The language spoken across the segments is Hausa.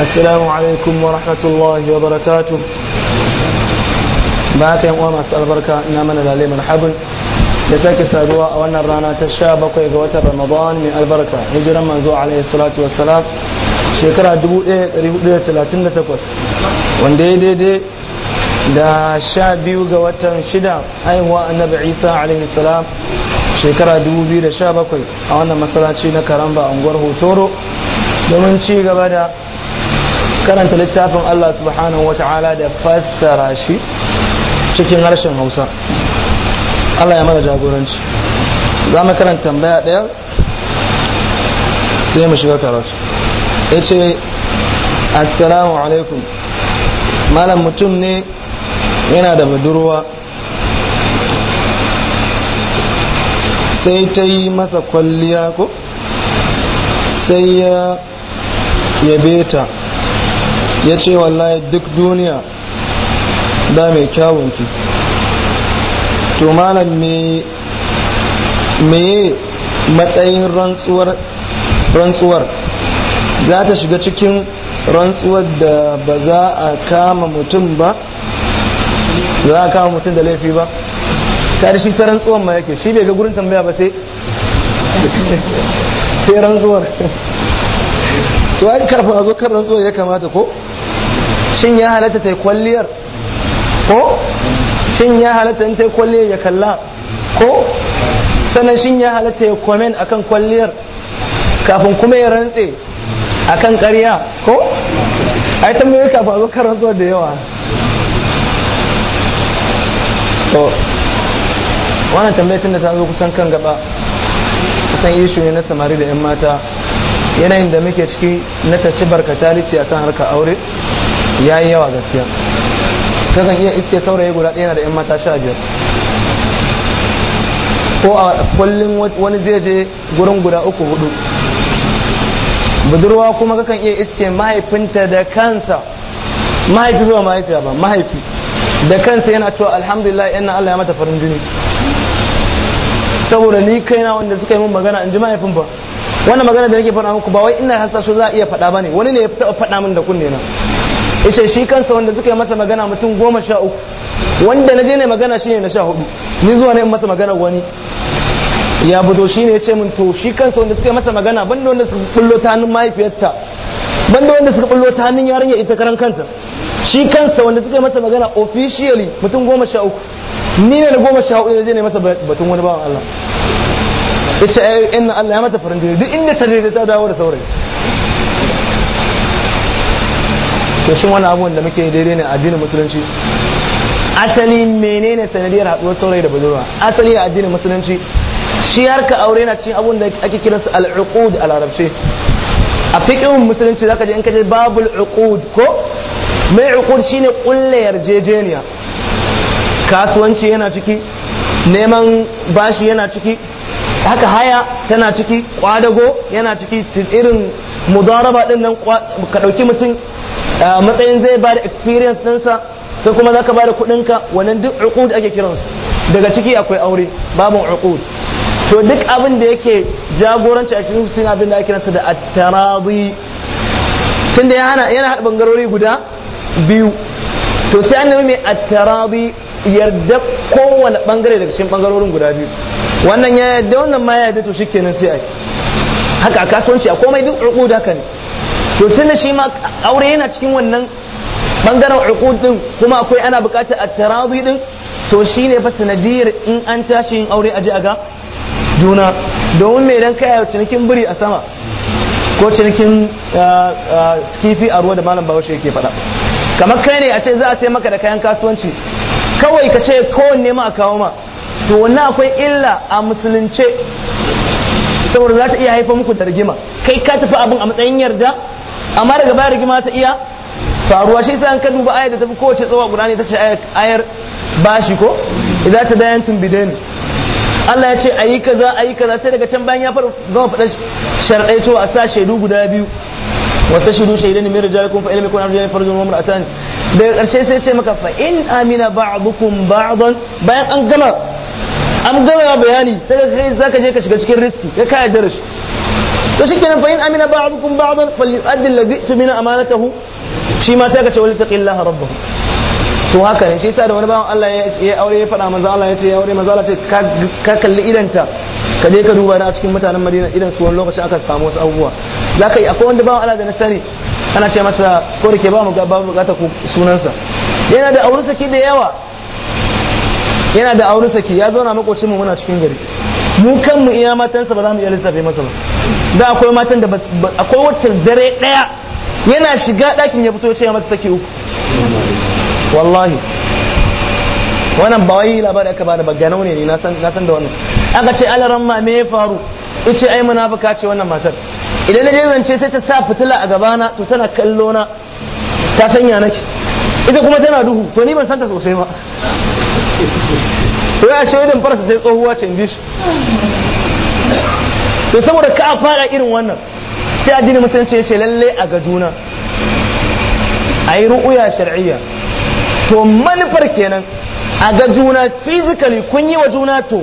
assalamu alaikum wa rahmatullahi wa barakatu ba ka uwa masu albarka ina mana lalai marhabin da sake saduwa a wannan rana ta sha bakwai ga watan ramadan mai albarka hijiran manzo alaihi salatu wassalam shekara 1438 wanda ya daidai da sha biyu ga watan shida haihuwa annabi isa alaihi salam shekara 2017 a wannan masalaci na karamba a unguwar hotoro domin ci gaba da karanta littafin Allah subhanahu wata'ala da fassara shi cikin harshen hausa Allah ya mara jagoranci za mu karanta tambaya ɗaya sai mu shiga karatu ya ce assalamu alaikum malam mutum ne yana da budurwa sai ta yi masa kwalliya ko sai ya yabe ta ya ce wallahi duk duniya da mai kyawunki to malam meye matsayin rantsuwar za ta shiga cikin rantsuwar da ba za a kama mutum ba za a kama mutum da laifi ba ta shi ta rantsuwar ma yake shi bai ga gurin tambaya ba sai sai rantsuwar to an karfa a zo kan rantsuwar ya kamata ko shin ya halatta ta yi kwalliyar ko shin ya halatta in ta kwalliyar ya kalla ko sannan shin ya halatta ya komen akan kwalliyar kafin kuma ya rantse akan ƙarya ko a yi tambayi kafin a zo karan da yawa to wannan tambayi tun da ta zo kusan kan gaba kusan ishu ne na samari da 'yan mata yanayin da muke ciki na ta ci barkatalici akan harka aure ya yi yawa gaskiya kakan iya iske saurayi guda ɗaya da 'yan mata sha biyar ko a kullum wani zai je gurin guda uku hudu budurwa kuma kakan iya iske mahaifinta da kansa mahaifi zuwa mahaifiya ba mahaifi da kansa yana cewa alhamdulillah yana Allah ya mata farin jini saboda ni kaina wanda suka yi min magana in ji mahaifin ba wannan magana da nake faɗa muku ba wai ina hasashe za a iya faɗa ba ne wani ne ya taɓa faɗa min da kunne na yace shi kansa wanda suka yi masa magana mutum goma sha uku wanda na je ne magana shine na sha hudu ni zuwa na in masa magana wani ya ne ya ce min to shi kansa wanda suka yi masa magana banda wanda suka bullo ta hannun mahaifiyarta banda wanda suka bullo ta hannun yarinya ita karan kanta shi kansa wanda suka yi masa magana officially mutum goma sha uku ni ne na goma sha hudu je ne masa batun wani bawan Allah ya ai eh, inna Allah ya mata farin duk inda ta je ta dawo da saurayi to shi wani abubuwan da muke daidai ne addinin musulunci asali menene sanadiyar haduwar saurayi da budurwa asali a addinin musulunci shi harka aure na cikin abun da ake su al-uqud a larabce a fiqhin musulunci zaka je in kaje babul uqud ko mai uqud shine kulle yarjejeniya kasuwanci yana ciki neman bashi yana ciki haka haya tana ciki kwadago yana ciki irin mudaraba din nan ka dauki mutum matsayin zai ba da experience ɗinsa sai kuma zaka ba da kuɗinka wannan duk uqud ake kiransu daga ciki akwai aure babu uqud to duk abin da yake jagoranci a cikin sun abin da ake kiransa da at-taradi tunda yana yana bangarori guda biyu to sai annabi mai at-taradi yarda kowane bangare daga cikin bangarorin guda biyu wannan ya yarda wannan ma ya yarda to kenan sai ai haka a kasuwanci a komai duk uqud haka ne to da shi ma aure yana cikin wannan bangaren uqud din kuma akwai ana bukatar a tarawi din to shi ne fa sanadiyar in an tashi yin aure aje a ga juna domin me dan kai cinikin biri a sama ko cinikin ah, ah, kifi a ruwa da malam bahaushe yake faɗa kamar kai ne a ce za a taimaka da kayan kasuwanci kawai ka ce kowanne ma a kawo ma to wani akwai illa a musulunce saboda za ta iya haifar muku da rigima kai ka tafi abin a matsayin yarda amma daga baya rigima ta iya faruwa shi sa an ka duba ayar da tafi kowace tsawa guda ne ta ce ayar bashi ko idan ta dayan ne? Allah ya ce ayi kaza ayi kaza sai daga can bayan ya fara gama faɗa sharɗai cewa a sa shaidu guda biyu wasu shiru shaidan min rijalikum fa ilmi kun arjulan farjun wa mar'atan daga karshe sai ce maka fa in amina ba'dukum ba'dan bayan an gama an gama bayani sai ka kai zaka je ka shiga cikin riski ka kai da rashi to shikenan fa in amina ba'dukum ba'dan falyu'addi alladhi tumina amanatahu shi ma sai ka ce walittaqillaha rabbahu to haka ne shi yasa da wani bawan Allah ya aure ya faɗa manzo Allah ya ce ya aure manzo Allah ce ka kalli idanta ka je ka duba na cikin mutanen Madina idan su wani lokaci aka samu wasu abubuwa zaka yi akwai wanda bawan Allah da na sani ana ce masa ko da ke ba mu ga babu bukata sunan sunansa yana da aure saki da yawa yana da aure saki ya zauna makocin mu muna cikin gari mu kanmu iya sa ba za mu iya lissafe masa ba da akwai matan da akwai wacce dare daya yana shiga ɗakin ya fito ya ce mata saki uku wallahi wannan ba wai labarin aka bada gano ne na san da wannan aka ce alaran ma me ya faru ce ai munafuka ce wannan matar idan na je zance sai ta sa fitila a gabana to tana kallo na ta sanya nake ita kuma tana duhu to ni ban santa sosai ba to ya shaidan farsa sai tsohuwa ce in bi shi to saboda ka fara irin wannan sai addinin musulunci ya ce lalle a ga juna a yi ru'uya shar'iyya to manufar kenan a ga juna fizikali kun yi wa juna to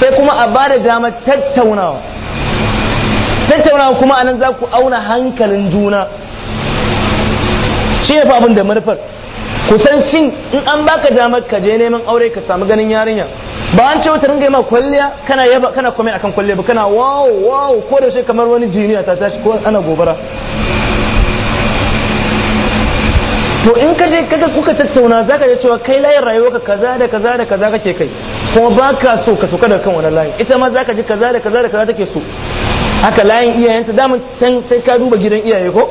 sai kuma a ba da dama tattaunawa tattaunawa kuma anan za ku auna hankalin juna shi ne abin da manufar kusan shin in an baka damar ka je neman aure ka samu ganin yarinya ba an ce wata ringa ma kwalliya kana yaba kana a akan kwalliya ba kana wow wow ko da kamar wani jiniya ta tashi ko ana gobara to in ka je kaga kuka tattauna zaka je cewa kai layin rayuwarka kaza da kaza da kaza kake kai kuma baka so ka sauka daga kan wannan layin ita ma zaka ji kaza da kaza da kaza take so haka layin iyayenta daman can sai ka duba gidan iyaye ko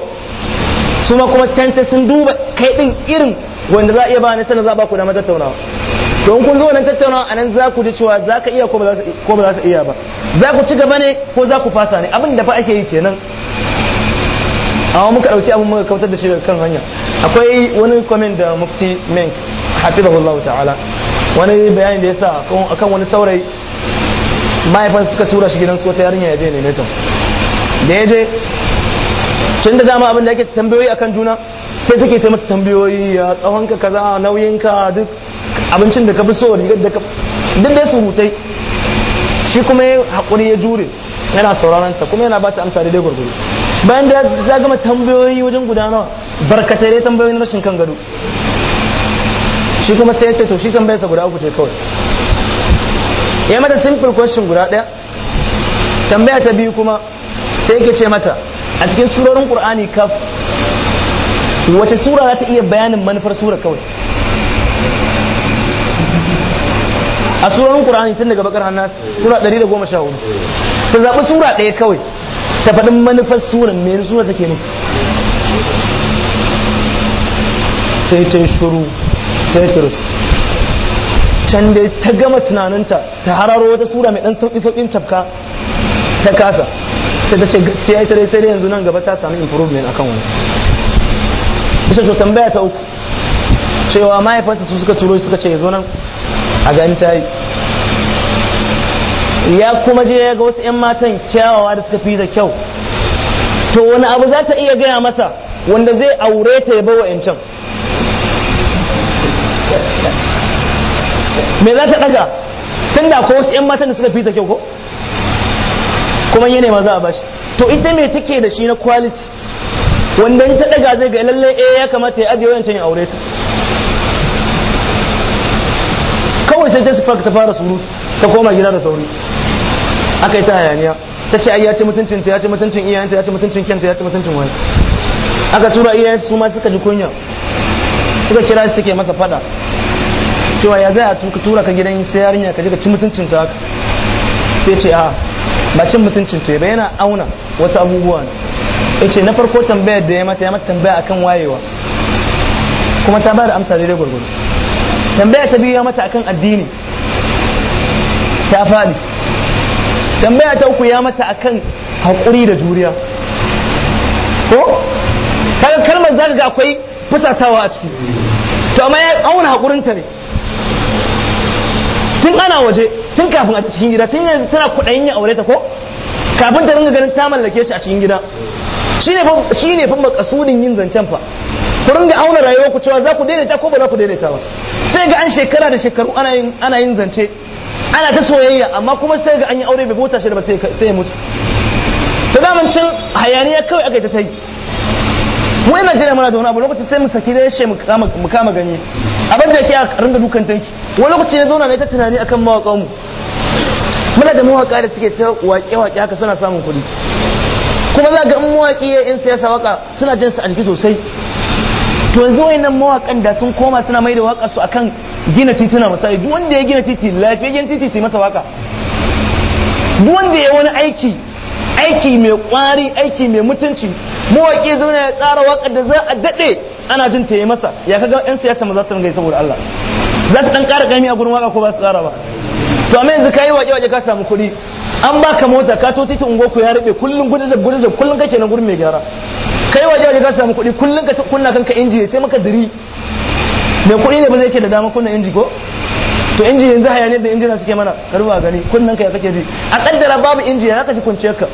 su ma kuma can sai sun duba kai din irin wanda za a iya ba ni sanin za ba ku da tattaunawa don kun zo nan tattaunawa anan za ku ji cewa za ka iya ko ba za ka iya ba za ku ci gaba ne ko za ku fasa ne abin da fa ake yi kenan amma muka dauki abin muka kautar da shi kan hanya akwai wani comment da mufti men hafizahullahu ta'ala wani bayani da yasa akan wani saurayi mahaifan suka tura shi gidan su wata yarinya ya je ne ta da ya je tun da dama abin da yake tambayoyi akan juna sai take ta masa tambayoyi ya ka kaza ka duk abincin da ka fi so rigar da ka duk dai surutai shi kuma ya haƙuri ya jure yana sauraron sa kuma yana ba ta amsa daidai gwargwaro bayan da za gama tambayoyi wajen gudanarwa barkatare tambayoyin rashin kan gado shi kuma sai ya ce to shi tambayarsa guda uku ce kawai ya mata simple question guda ɗaya tambaya ta biyu kuma sai yake ce mata a cikin surorin qur'ani kaf wace sura za ta iya bayanin manufar sura kawai a surorin qur'ani tun daga bakar hannas sura 114 ta zaɓi sura ɗaya kawai ta faɗin manufar suran me sura take nufi sai ta yi shuru tetris can dai ta gama tunaninta ta hararo wata sura mai ɗan sauƙi sauƙin cafka ta kasa sai ta ce sai ita dai sai dai yanzu nan gaba ta sami improvement akan wani isa to tambaya ta uku cewa mahaifarsa su suka turo suka ce ya zo nan a gani ta yi ya kuma je ya ga wasu 'yan matan kyawawa da suka fi da kyau to wani abu za ta iya gaya masa wanda zai aure ta ya bawa 'yancan me za ta daga tun da akwai wasu 'yan matan da suka fi da kyau ko kuma ma maza a bashi to ita me take da shi na quality wanda ta daga zai ga lalle eh ya kamata ya ajiye wancan ya aure ta kawai sai ta ta fara surutu ta koma gida da sauri aka yi ta hayaniya ta ce ayi ya ce mutuncin ta ya ce mutuncin iyayenta ya ce mutuncin kenta ya ce mutuncin wani aka tura iyayen su ma suka ji kunya suka kira su suke masa fada cewa ya zai a tura ka gidan sai yarinya ka je ka ci mutuncin ta haka sai ce a ba cin mutuncin ta ba yana auna wasu abubuwa ne ce na farko tambayar da ya mata ya mata tambaya akan wayewa kuma ta ba da amsa daidai gwargwado tambaya ta biyu ya mata akan addini ta faɗi tambaya ta uku ya mata akan haƙuri da juriya ko kaga kalmar zaka ga akwai fusatawa a ciki to amma ya auna haƙurinta ne tun ana waje tun kafin a cikin gida tun yanzu tana kuɗayin ya aure ta ko kafin ta ringa ganin ta mallake shi a cikin gida shi ne fa makasudin yin zancen fa ku ringa auna rayuwar ku cewa za ku daidaita ko ba za ku daidaita ba sai ga an shekara da shekaru ana yin zance ana ta soyayya amma kuma sai ga an yi aure bai bota shi da ba sai ya mutu to daman can hayaniya kawai aka yi ta sai mu ina jira mana da wani abu lokacin sai mu saki da yashe mu kama ganye abin da yake a ringa dukan tanki wani lokaci ya zauna na ta tunani akan mawaƙan mu muna da mawaƙa da suke ta waƙe-waƙe haka suna samun kuɗi kuma za ga mawaƙi ya in siyasa waka suna jinsu a jiki sosai to yanzu wayannan mawaƙan da sun koma suna mai da waƙa su akan gina tituna misali duk wanda ya gina titi gina titi sai masa waka duk wanda ya wani aiki aiki mai kwari aiki mai mutunci mawaki zauna ya tsara waka da za a dade ana jin ta yi masa ya kaga yan siyasa ma za su ringa saboda Allah za su dan kara gami a gurin waka ko ba su tsara ba to amma yanzu kai waje waje ka samu kuɗi an baka mota ka to titin ungo ya rube kullun gudazab gudazab kullun kake na gurin mai gyara kai waje waje ka samu kuɗi kullun ka kunna kanka inji sai maka diri mai kuɗi ne ba zai ke da dama kunna inji ko to inji yanzu ne da injina suke mana karuwa gani kunnan ka ya kake ji a kaddara babu inji ya kaji kunce ka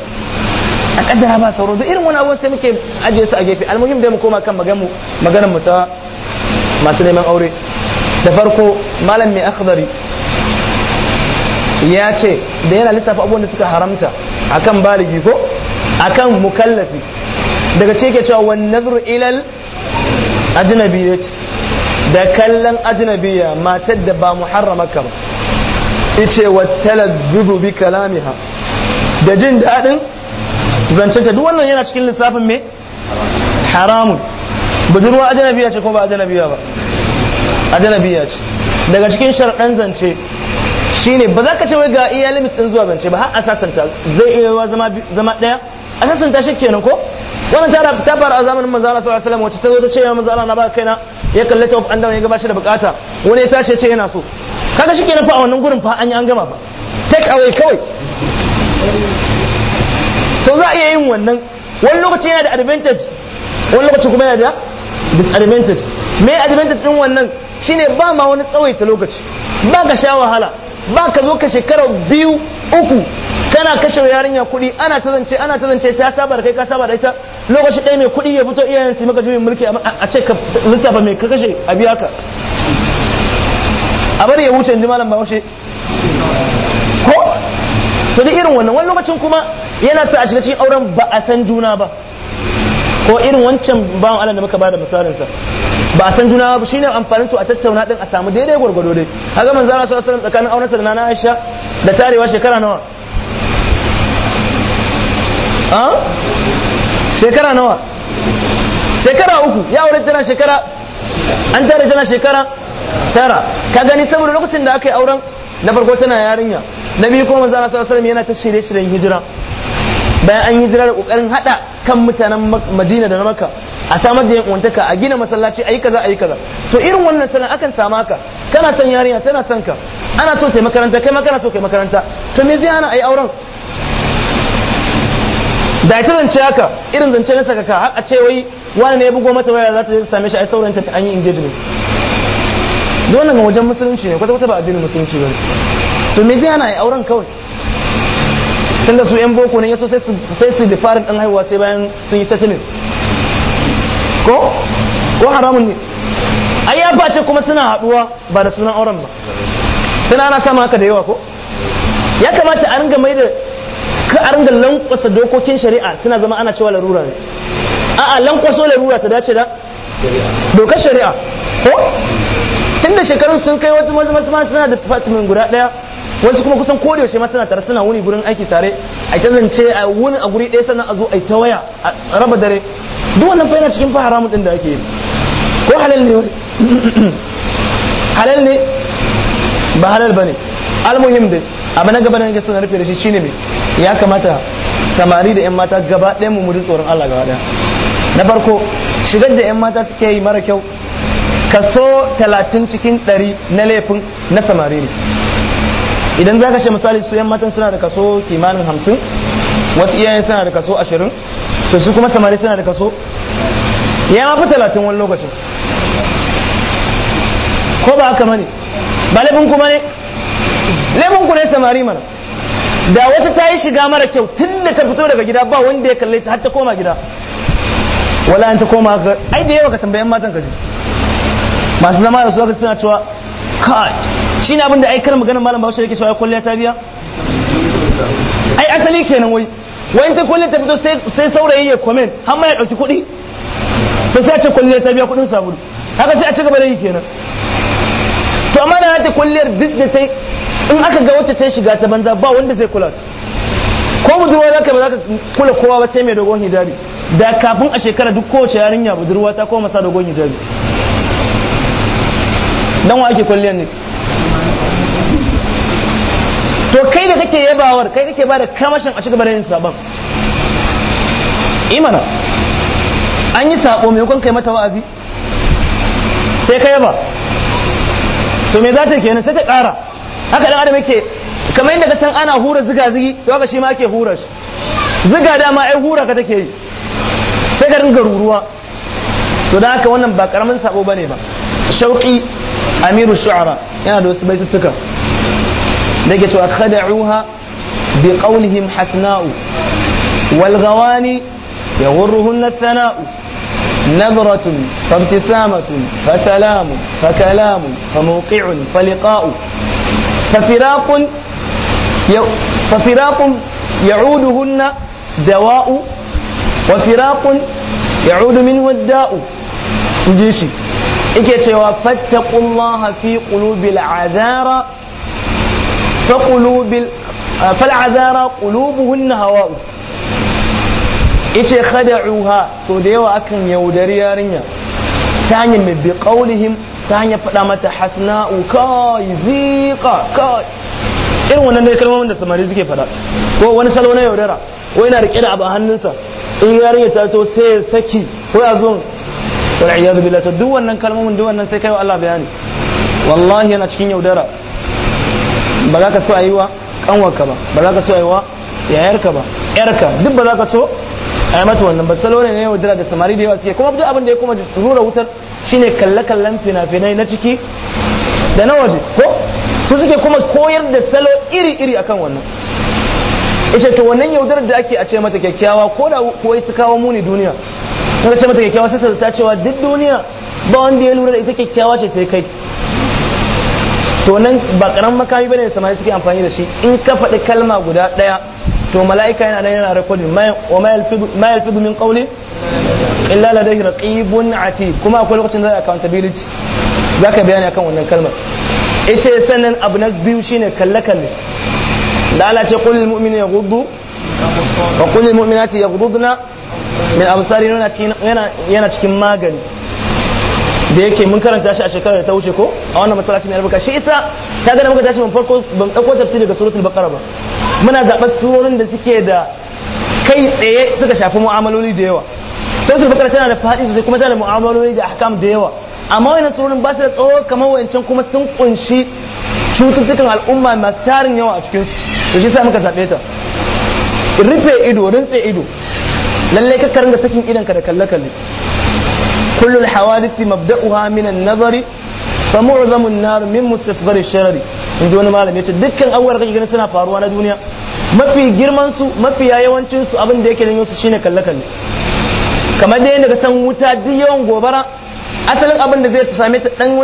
a kaddara ba sauro da irin wani abubuwan sai muke ajiye su a gefe almuhim dai mu koma kan maganar mu ta masu neman aure da farko malam mai akhdari ya ce da yana lissafa abubuwan da suka haramta akan baligi ko akan mukallafi daga ce ke cewa wani nazru ilal ajnabi ya da kallon ajinabiya matar da ba muharramaka ba ita wa taladdubu bi kalamiha da jin daɗin zancenta duk wannan yana cikin lissafin me haramun budurwa ajinabiya ce ko ba ajinabiya ba ajinabiya ce daga cikin sharɗan zance shine ba za ka ce wai ga iya limit din zuwa zance ba har asasanta zai iya yawa zama zama daya asasanta shi kenan ko wannan ta fara a zamanin manzo Allah sallallahu alaihi wasallam wacce ta zo ta ce ya manzo Allah na ba kaina ya kalli ta an dama ya gaba shi da bukata wani ya tashi ya ce yana so kaga shi ke nufa a wannan gurin fa an yi an gama ba take away kawai to za a iya yin wannan wani lokaci yana da advantage wani lokaci kuma yana da disadvantage me advantage din wannan shine ba ma wani tsawaita lokaci ba ka sha wahala ba ka zo ka shekara biyu uku kana kashe yarinya kuɗi ana ta zance ana ta zance ta saba da kai ka saba da ita lokaci ɗaya mai kuɗi ya fito iyayen su maka juyin mulki a ce ka lissafa mai ka kashe a biya ka a bari ya wuce inji malam bawashe ko to da irin wannan wani lokacin kuma yana sa a shiga cikin auren ba a san juna ba ko irin wancan bawan Allah da muka bada misalin sa ba a san juna ba shine amfanin su a tattauna din a samu daidai gwargwado dai kaga manzo Allah sallallahu alaihi wasallam tsakanin aunarsa da nana Aisha da tarewa shekara nawa a shekara nawa shekara uku ya aure tana shekara an tare tana shekara tara ka gani saboda lokacin da aka yi auren na farko tana yarinya na biyu kuma manzo Allah sallallahu alaihi wasallam yana ta shirye-shiryen hijira bayan an hijira da kokarin hada kan mutanen Madina da na a samar da yankuntaka a gina masallaci a yi kaza a yi kaza to irin wannan sanar akan sama ka kana son yarinya tana son ka ana so ta makaranta kai makana so kai makaranta to me zai hana yi auren da ita zance haka irin zance na ka har a ce wai wani ne ya bugo mata waya za ta same shi yi sauran ta an yi engagement don nan wajen musulunci ne kwata kwata ba addinin musulunci ba to me zai hana yi auren kawai tunda su yan boko ne yaso sai su da farin difarin dan haihuwa sai bayan sun yi settling ko ko haramun ne a ya face kuma suna haduwa ba da sunan auren ba tana ana sama haka da yawa ko ya kamata a ringa mai da ka a ringa lankwasa dokokin shari'a suna zama ana cewa larura ne a'a lankwaso larura ta dace da dokar shari'a ko tun da shekarun sun kai wata mazama suna da fatimin guda daya wasu kuma kusan ko yaushe masana suna tare suna wuni gurin aiki tare a ta zance a wuni a guri ɗaya sannan a zo a yi ta waya a raba dare duk wannan fa yana cikin fa haramun da ake yi ko halal ne wani. halal ne ba halal bane almuhim dai abu na gaba da nake suna rufe da shi shine me ya kamata samari da yan mata gaba ɗayan mu mudu tsoron Allah gaba ɗaya na farko shigar da yan mata suke yi mara kyau kaso talatin cikin ɗari na laifin na samari ne idan za ka shi misali su yan matan suna da kaso kimanin hamsin wasu iyayen suna da kaso ashirin to su kuma samari suna da kaso ya mafi talatin wani lokacin ko ba haka mani ba laifin kuma ne laifin ku ne samari mana da wata ta yi shiga mara kyau tun da ta fito daga gida ba wanda ya kalle ta har ta koma gida wala an ta koma ga ai da yawa ka tambayan matan ka ji masu zama da su haka suna cewa kai shi abin abinda aikar maganin malam Bahaushe yake so ai ta biya ai asali kenan wai wai ta kwalliya ta fito sai saurayi ya komen har ma ya dauki kuɗi Ta sai a ce kwalliya ta biya kuɗin sabulu haka sai a ci gaba da yi kenan to amma da ta kwalliyar duk da ta in aka ga wacce ta shiga ta banza ba wanda zai kula su ko budurwa za ka ba za ka kula kowa ba sai mai dogon hijabi da kafin a shekara duk kowace yarinya budurwa ta koma sa dogon hijabi dan wa ake kulliyar ne to kai da kake yabawar kai kake ba da kamashin a cigaba da yin sabon imana an yi sabo mai kwan kai mata wa'azi sai ka yaba to me za ta kenan sai ta kara haka dan adam yake kamar yadda ka san ana hura ziga zigi to haka shi ma ake hura shi ziga dama ai hura ka take yi sai ka ringa ruruwa to da haka wannan ba karamin sabo bane ba shauki amiru shu'ara yana da wasu baituttuka دقي خدعوها بقولهم حسناء والغواني يغرهن الثناء نظرة فابتسامة فسلام فكلام فموقع فلقاء ففراق ففراق يعودهن دواء وفراق يعود منه الداء جيشي فاتقوا الله في قلوب العذارى فقلوب فالعذارى قلوبهن هواء ice khada'uha so da yawa akan yaudari yarinya ta hanyar mai bi qaulihim ta hanyar faɗa mata hasna'u kai ziqa irin wannan dai kalmomin da samari suke faɗa ko wani salo na yaudara ko yana rike da abu a hannunsa in yarinya ta to sai saki ko ya zo wal iyad billah to duk wannan kalmomin duk wannan sai kai wa Allah bayani wallahi yana cikin yaudara ba za ka so a yi wa kanwarka ba ba za ka so a yi wa yayarka ba yarka duk ba za ka so a yi mata wannan ba salo ne yau da samari da yawa suke kuma duk abin da ya kuma rura wutar shine kalle-kallen fina-finai na ciki da na waje ko su suke kuma koyar da salo iri-iri akan wannan ita to wannan yaudar da ake a ce mata kyakkyawa ko da kuwa ta kawo muni duniya ta ce mata kyakkyawa sai ta cewa duk duniya ba wanda ya lura da ita kyakkyawa ce sai kai to nan ba karan makami bane da samari suke amfani da shi in ka faɗi kalma guda ɗaya to mala'ika yana nan yana rekodin wa ma yalfidu min qawli illa ladayhi raqibun ati kuma akwai lokacin da accountability zaka bayani akan wannan kalmar yace sannan abu na biyu shine kalle kalle da Allah ce qul lil yaghuddu wa qul lil mu'minati yaghudduna min absarihim yana cikin magani da yake mun karanta shi a shekarar da ta wuce ko a wannan masallaci mai albuka shi isa ta ga muka tashi ban farko ban dauko tafsiri daga suratul baqara ba muna zabar surorin da suke da kai tsaye suka shafi mu'amaloli da yawa suratul baqara tana da fadi sosai kuma tana da mu'amaloli da ahkam da yawa amma wannan surorin ba su da tsawo kamar wancan kuma sun kunshi cututtukan al'umma masu tarin yawa a cikin su to shi sa muka zaɓe ta rufe ido rintse ido lallai kakkarin da sakin idan da kalle kalle كل الحوادث مبدأها من النظر فمعظم النار من مستصغر الشرر in ji wani malam ya ce dukkan abubuwan da kake ganin suna faruwa na duniya mafi girman su mafi yawancin su abin da yake janyo shine kalle kalle kamar dai daga san wuta duk yawan gobara asalin abin da zai ta same ta dan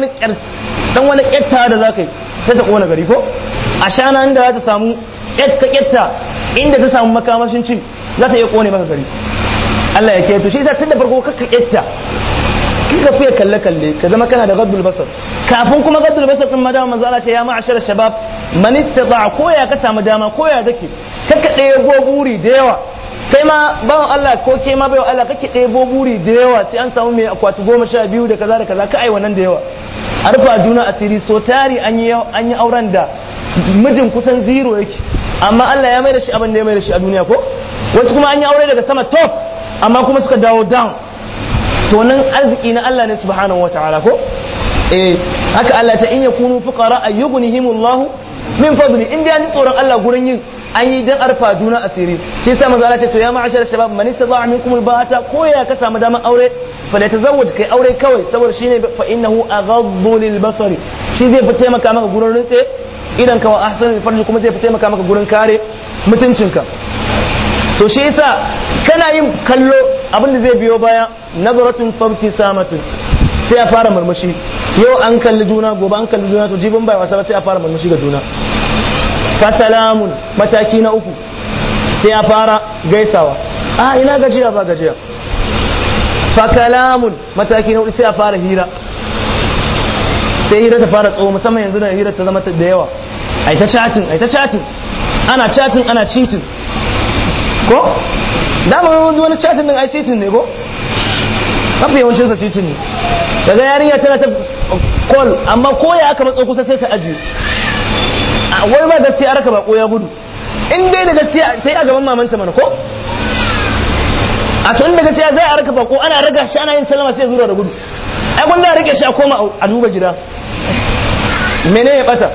wani kyar da zaka yi sai ta kona gari ko a shana inda za ta samu kyatta inda ta samu makamashin ci za iya kone maka gari Allah ya kiyaye to shi yasa tun da farko kakka kika fiye kalle kalle ka zama kana da gaddul basar kafin kuma gaddul basar kuma dama manzo Allah ce ya ma'ashar shabab man istata ko ya ka samu dama ko ya kake kaka ɗebo buri da yawa kai ma bawan Allah ko ke ma bawan Allah kake ɗebo buri da yawa sai an samu mai akwati goma sha biyu da kaza da kaza ka ai wannan da yawa a rufa juna asiri so tari an yi auren da mijin kusan zero yake amma Allah ya mai da shi abin da ya mai da shi a duniya ko wasu kuma an yi aure daga sama top amma kuma suka dawo down to nan arziki na Allah ne subhanahu wataala ko eh haka Allah ta in yakunu fuqara ayyughnihimullahu min fadli in dai ni tsoron Allah gurin yin an yi dan arfa juna asiri shi yasa manzo Allah ce to ya ma'ashar shabab man istata'a minkum al-bahata ko ya ka samu daman aure fa da tazawwaj kai aure kawai saboda shine fa innahu aghaddu lil basari shi zai fi taimaka maka gurin rintse idan ka wa ahsanul farji kuma zai fi maka maka gurin kare mutuncinka to shi yasa kana yin kallo abin da zai biyo baya nazaratun samatun sai a fara murmushi yau an kalli juna gobe an kalli juna to jibin bai wasa ba sai a fara murmushi ga juna fasalamun mataki na uku sai a fara gaisawa a ina gajiya ba gajiya fakalamun mataki na uku sai a fara hira sai hira ta fara tsawo musamman yanzu na hira ta zama da yawa ai ta chatin ai ta chatin ana chatin ana cheating ko dama wani chatin din ai cheating ne ko mafi yawancinsa titi ne daga yarinya tana ta kol amma ko ya aka matso kusa sai ka ajiye wai ba gaskiya araka ba ya gudu in dai da gaskiya ta yi a gaban mamanta mana ko a tun da gaskiya zai a raka bako ana raga shi ana yin salama sai zura da gudu ai gwanda rike shi a koma a duba gida mene ya bata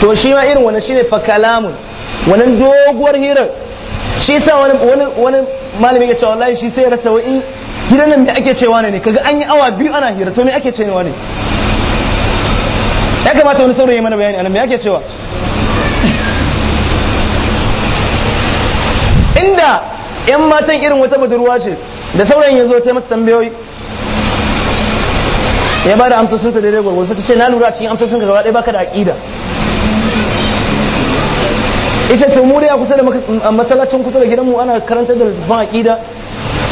to shi ma irin wani shine fa kalamun wannan doguwar hirar shi sa wani wani malami ya ce wallahi shi sai rasa wai gidan nan me ake cewa ne kaga an yi awa biyu ana hira to me ake cewa ne ya kamata wani saurayi mana bayani anan me ake cewa inda yan matan irin wata budurwa ce da saurayin ya zo ta mata tambayoyi ya ba da amsosinta daidai gwargwaro sai ta ce na lura cikin amsosinka gaba ɗaya baka da aƙida ishe tumuriya mu da kusa da masallacin kusa da gidanmu ana karanta da littattafan aƙida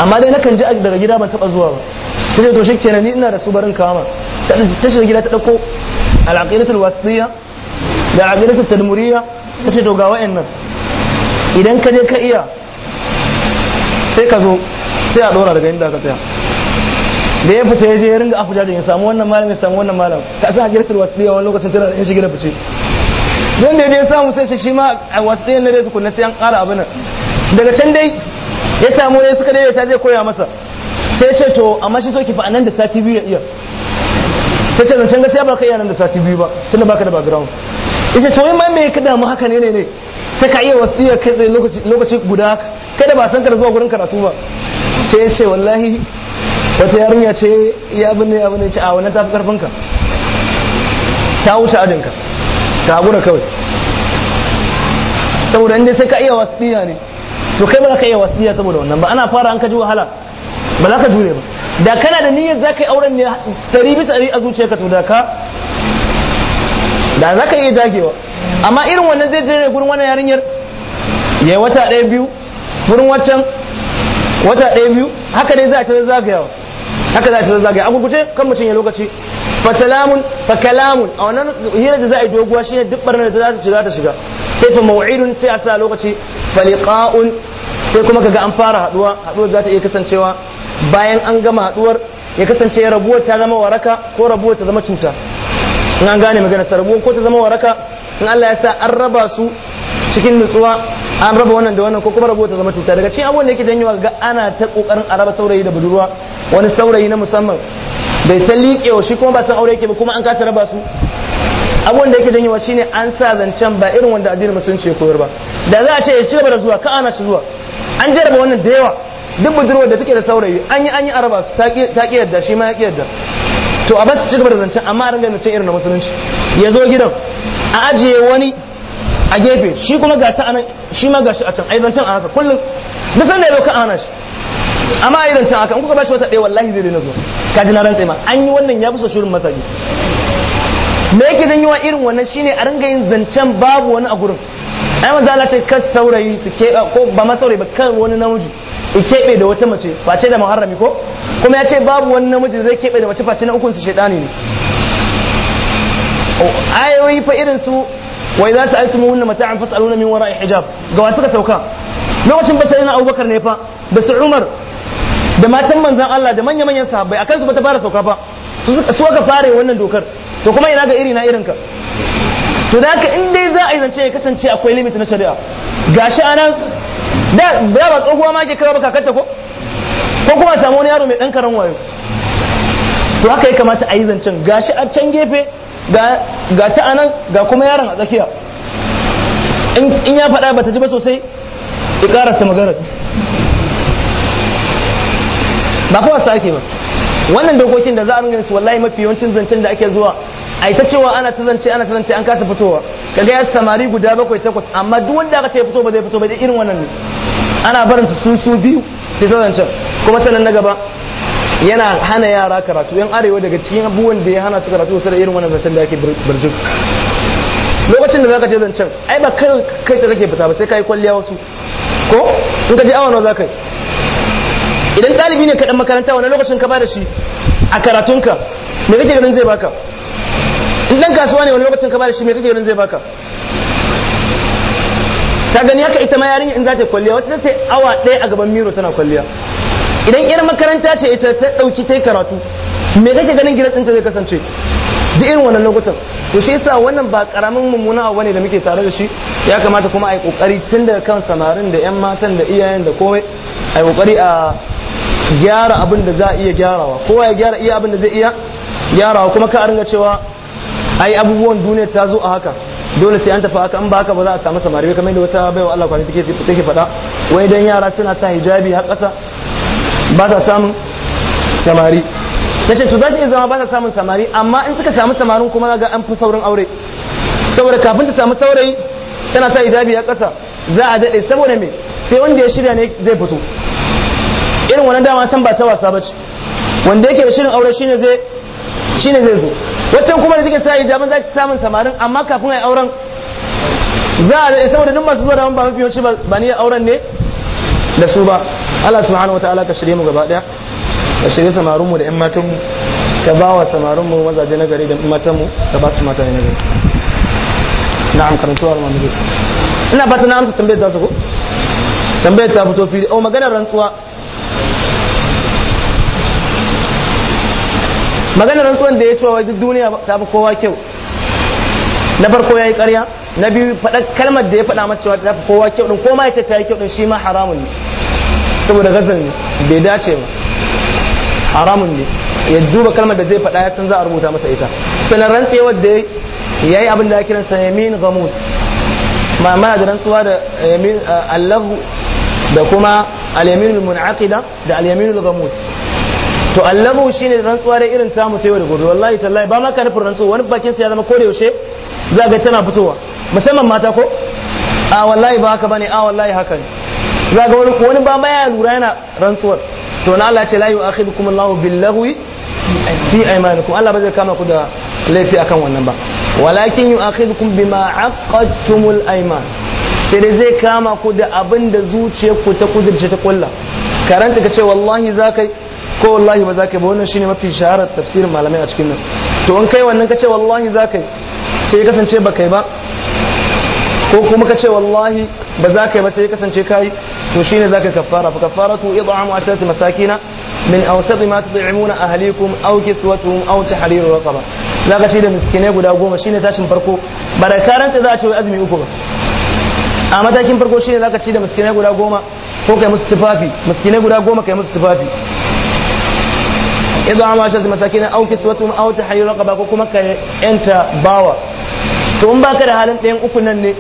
amma dai nakan ji daga gida ban taba zuwa ba ta ce to shi kenan ni ina da su barin kama ta shiga gida ta ɗauko al'aqidatul wasiyya da al'aqidatul tadmuriyya ta ce to ga wayannan idan ka je ka iya sai ka zo sai a dora daga inda ka tsaya da ya fita ya je ya ringa afuja da ya samu wannan malam ya samu wannan malam ka san wasu wasiyya wani lokacin tana da in shige da fice dan da ya samu sai shi ma a wasiyyan ne da tukunna sai an ƙara abin daga can dai ya samu ne suka ta zai koya masa sai ce to amma shi so ki fa anan da sati biyu ya iya sai ce zancen gaskiya ba ka iya nan da sati biyu ba tunda baka da background ce to mai me ka damu haka ne ne ne sai ka iya wasu iya kai lokaci lokaci guda haka kai da ba san ka zuwa gurin karatu ba sai ya ce wallahi wata yarinya ce ya binne ya abin ne ce a wannan tafi karfin ka ta wuce adinka ka gura kawai saboda inda sai ka iya wasu iya ne to kai ba za ka iya wasiya saboda wannan ba ana fara an ka ji wahala ba za ka jure ba da kana da niyyar za ka yi auren ne tsari bisa ɗari a zuciyarka to da ka da za ka iya dagewa amma irin wannan zai je gurin wannan yarinyar ya yi wata ɗaya biyu gurin waccan wata ɗaya biyu haka dai za a ta zagayawa haka za a ta zagayawa a gurguje kan mutum ya lokaci fa salamun fa kalamun a wannan hira da za a yi doguwa shine duk barnar da za ta shiga ta shiga sai fa mawa'idun sai a sa lokaci fa liqa'un sai kuma kaga an fara haduwa haduwar za ta iya kasancewa bayan an gama haduwar ya kasance rabuwar ta zama waraka ko rabuwar ta zama cuta in an gane magana sa rabuwar ko ta zama waraka in Allah ya sa an raba su cikin nutsuwa an raba wannan da wannan ko kuma rabuwar ta zama cuta daga cikin abubuwan da yake janyowa ga ana ta kokarin a raba saurayi da budurwa wani saurayi na musamman bai ta wa shi kuma ba san aure yake ba kuma an kasa raba su abun da yake janyewa shine an sa zancen ba irin wanda addinin musulunci ya koyar ba da za a ce ya shirba da zuwa ka ana shi zuwa an jarraba wannan da yawa duk budurwar da take da saurayi an yi an yi araba su ta ki yadda shi ma ya ki yadda to a basu cigaba da zancen amma a ringa zancen irin na musulunci ya zo gidan a ajiye wani a gefe shi kuma ga ta anan shi ma gashi a can ai zancen a haka kullum duk sanda ya ka ana shi amma a yi zancen haka in kuka bashi wata ɗaya wallahi zai daina zuwa ka ji na ran ma an yi wannan ya fi so shirin masaki me yake wa irin wannan shine a ringa yin zancen babu wani a gurin ai manzo Allah ce saurayi su ke ko ba ma ba kan wani namiji kebe da wata mace face da muharrami ko kuma ya ce babu wani namiji da zai kebe da mace face na ukun su shaytani ne oh, ayoyi fa irin su wa idza sa'altumuhunna mata'an fas'aluna min wara'i hijab ga wasu ka sauka lokacin ba sai na Abubakar ne fa da su Umar da matan manzon Allah da manya manyan sahabbai akan su ba ta fara sauka ba su suka fare wannan dokar to kuma ina ga iri irinka to da haka in dai za a yi zance ya kasance akwai limit na shari'a gashi anan da ba tsohuwa ma ke kawo ba ko ko kuma samu wani yaro mai dan karan wayo to haka ya kamata a yi zancen gashi a can gefe ga ta anan ga kuma yaron a tsakiya in ya faɗa ba ta ji ba sosai ya ƙarasa magana. ba kawai sake ba wannan dokokin da za a ringa su wallahi mafi yawancin zancen da ake zuwa ai ta cewa ana ta zance ana ta zance an kasa fitowa kaga ya samari guda bakwai takwas amma duk wanda aka ce fito ba zai fito ba dai irin wannan ne ana barin su su su biyu sai ta zance kuma sanan na gaba yana hana yara karatu yan arewa daga cikin abubuwan da ya hana su karatu sai da irin wannan zancen da ake burju lokacin da zaka je zancen ai ba kai kai ta kake fita ba sai kai kwalliya wasu ko in ka je awa nawa zaka yi idan ɗalibi ne ka dan makaranta wani lokacin ka ba da shi a karatunka me kake ganin zai baka in dan kasuwa ne wani lokacin ka bada shi me kake ganin zai baka ta gani haka ita ma yarinya in za ta kwalliya wacce ta awa daya a gaban miro tana kwalliya idan yar makaranta ce ita ta ɗauki ta yi karatu me kake ganin gidan ɗinta zai kasance duk irin wannan lokutan to shi yasa wannan ba karamin mummuna abu ne da muke tare da shi ya kamata kuma a yi kokari tun daga kan samarin da yan matan da iyayen da komai a yi kokari a gyara abin da za a iya gyarawa kowa ya gyara iya abin da zai iya gyarawa kuma ka a ringa cewa ai abubuwan duniya ta zo a haka dole sai an tafi haka an ba haka ba za a samu samari kamar yadda wata baiwa Allah kwani take take faɗa wai dan yara suna sa hijabi har ƙasa ba ta samun samari na to za zama ba ta samun samari amma in suka samu samarin kuma ga an fi saurin aure saboda kafin ta samu saurayi tana sa hijabi har ƙasa za a dade saboda me sai wanda ya shirya ne zai fito irin wannan dama san ba ta wasa ba ce wanda yake da shirin aure shine zai shine zai zo waccan kuma da suke sa hijabin za ki samun samarin amma kafin a yi auren za a daɗe saboda duk masu zuwa da ba mafi yawanci ba ni auren ne da su ba Allah subhanahu wa ta'ala ka shirye mu gaba daya ka shirye samarin mu da yan matan mu ka ba wa samarin mu mazaje na gari da matan mu ka ba su mata ne na gari na'am karantuwar mu ina fata na amsa tambayar ta su ko tambayar ta fito fili o oh, maganar rantsuwa maganar rantsuwan da ya ce wa duniya ta fi kowa kyau na farko ya yi karya na biyu faɗa kalmar da ya faɗa mata cewa ta fi kowa kyau ɗin ko ma ya ce ta yi kyau ɗin shi ma haramun ne saboda gazan ne bai dace ba haramun ne ya duba kalmar da zai faɗa ya san za a rubuta masa ita sannan rantsewar da ya yi abin da ya kiransa yamin gamus ma da rantsuwa da yamin eh, allahu da kuma al-yaminul munaqida da al-yaminul gamus to allamu shine rantsuwa dai irin tamu ta yau da gobe wallahi tallahi ba ma ka nufin rantsuwa wani bakin sai ya zama koda yaushe za ga tana fitowa musamman mata ko a wallahi ba haka bane a wallahi haka ne za ga wani wani ba baya lura yana rantsuwar to na Allah ce la yu'akhidukum Allahu billahi fi aymanikum Allah ba zai kama ku da laifi akan wannan ba walakin yu'akhidukum bima aqadtumul ayman sai dai zai kama ku da abin da zuciyarku ta kudurce ta kulla karanta ka ce wallahi za kai ko wallahi ba za ka yi ba wannan shine mafi shaharar tafsirin malamai a cikin nan to in kai wannan kace wallahi za ka yi sai ya kasance ba kai ba ko kuma kace wallahi ba za ka yi ba sai ya kasance kai to shine za ka kafara fa kafaratu id'amu asharati masakina min awsati ma tud'imuna ahlikum aw kiswatuhum aw tahriru raqaba za ka ce da miskinai guda goma shine tashin farko ba da karanta za a ce wai azumi uku ba a matakin farko shine ka ce da miskinai guda goma ko kai musu tufafi miskinai guda goma kai musu tufafi idza ma shar masakin aw kiswatum aw tahayyu raqaba ko kuma ka yanta bawa to in baka da halin ɗayan uku nan ne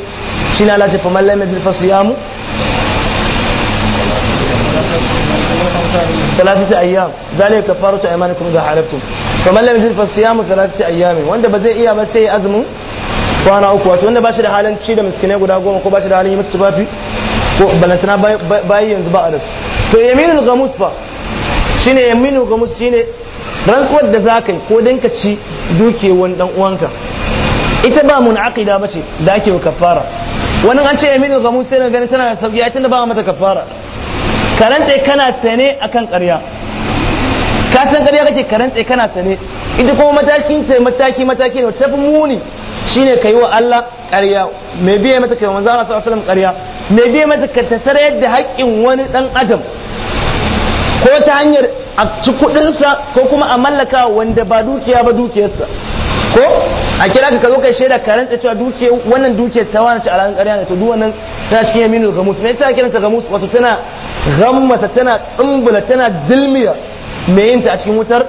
shi na lati faman lam yazil fa siyamu ثلاثة أيام ذلك كفارة أيمانكم إذا حلفتم فمن لم يجد فصيام ayyam wanda ba zai iya ba sai أزمه kwana uku wato wanda ba shi da halin ci da miskinai guda goma ko ba shi da halin yi musu tufafi ko balantana bayi yanzu ba a da su to yaminul gamus fa shine yaminu ga musu shine rantsuwar da za ka yi ko dan ka ci dukewan dan uwanka ita ba mun aqida ce da ake kafara wani an ce yaminu ga musu sai gani tana da sauki ai tunda ba mata kafara karanta kana sane akan ƙarya ka san ƙarya kake karanta kana sane ita kuma matakin sai mataki mataki ne wacce fi muni shine kai wa Allah ƙarya mai biye mata kai manzo Allah sallallahu alaihi wasallam ƙarya mai biye mata ka tasar yadda haƙƙin wani dan adam ko ta hanyar a ci kudinsa ko kuma a mallaka wanda ba dukiya ba dukiyarsa ko a kira ka kazo kai shaida ka rantsa cewa dukiyar wannan dukiyar ta wani ci alhan ƙarya to duk wannan tana cikin yaminul gamus me yasa kiranta gamus wato tana gammasa tana tsumbula tana dilmiya me yinta a cikin wutar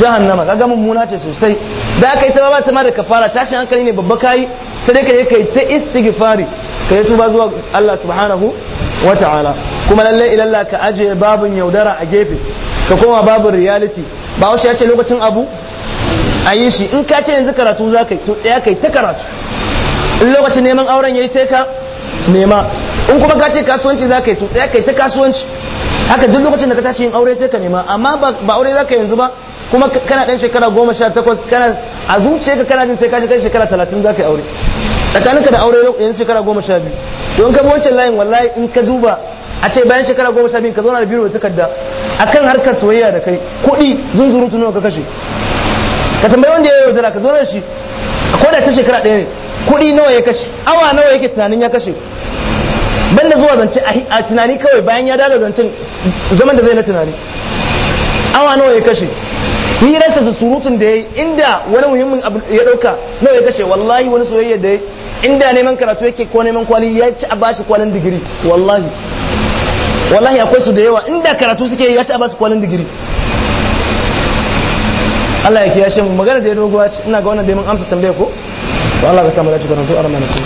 jahannama kaga mummuna ce sosai da aka yi ta ba ta ma da kafara tashin hankali ne babba kai sai dai kai kai ta istighfari kai tuba zuwa Allah subhanahu wata'ala kuma lalle Allah ka aje babun yaudara a gefe ka koma babun reality ba wasu ya ce lokacin abu a yi shi in ka ce yanzu karatu za ka yi to tsaya kai ta karatu in lokacin neman auren yayi sai ka nema in kuma ka ce kasuwanci za ka yi to tsaya kai ta kasuwanci haka duk lokacin da ka tashi yin aure sai ka nema amma ba aure za ka yanzu ba kuma kana dan shekara goma sha takwas kana a ka kana jin sai ka kai shekara talatin za ka yi aure tsakaninka da aure yanzu shekara goma sha biyu don ka bi wancan layin wallahi in ka duba a ce bayan shekara goma sha biyu ka zauna da biro da takarda akan harkar soyayya da kai kuɗi zunzurutu nawa ka kashe ka tambayi wanda ya yi yaudara ka zauna shi ko da ta shekara ɗaya ne kuɗi nawa ya kashe awa nawa yake tunanin ya kashe banda zuwa zance a tunani kawai bayan ya dada zancen zaman da zai na tunani awa nawa ya kashe hirarsa sa surutun da ya yi inda wani muhimmin abu ya dauka nawa ya kashe wallahi wani soyayya da ya inda neman karatu yake ko neman kwali ya ci a bashi kwalin digiri wallahi wallahi akwai su da yawa inda karatu suke ya ci a bashi kwalin digiri Allah ya kiyashe mu magana da ya dogo ina ga wannan da mun amsa tambaya ko to Allah sa samu dace ka rantu a na su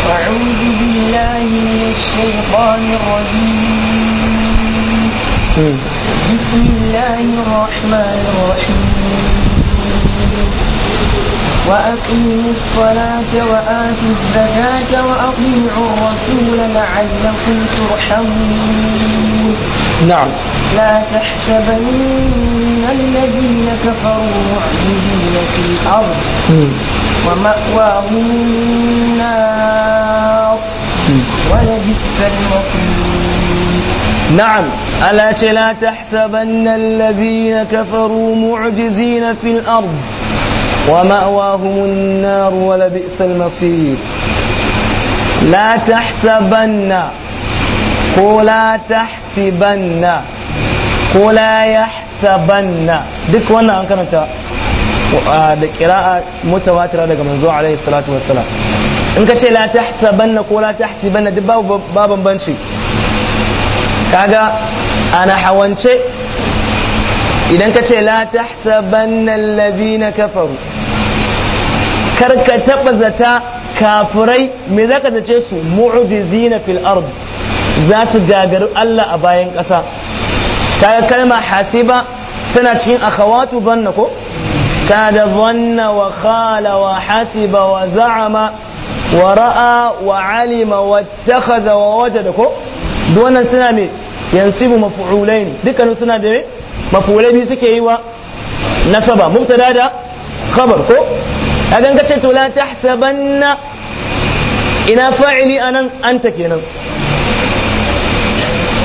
أعوذ بالله من الشيطان الرجيم بسم الله الرحمن الرحيم وأقيموا الصلاة وآتوا الزكاة وأطيعوا الرسول لعلكم ترحمون نعم لا تحسبن الذين كفروا معجزين في الأرض ومأواهم النار ولبئس المصير نعم ألا لا تحسبن الذين كفروا معجزين في الأرض ومأواهم النار ولبئس المصير لا تحسبن قولا تحسبن قولا يحسبن دك وانا انكرت آه، قراءة متواترة لك منزوع عليه الصلاة والسلام انك لا تحسبن قولا تحسبن دي باب بنشي kaga ana hawance idan ka ce la tahsabanna na kafaru kar ka taba zata kafirai me zace su mu'jizina fil ard za su gagaru Allah a bayan ƙasa kaga kalma hasiba tana cikin akhawatu banna ko wa wa wa wa ظن wa alima وزعم wa waje da ko duk wannan suna mai yansibu maf'ulai dukkanin suna da mai maf'ulai biyu suke yi wa nasaba mubtada da khabar ko adan kace to la tahsabanna ina fa'ili anan anta kenan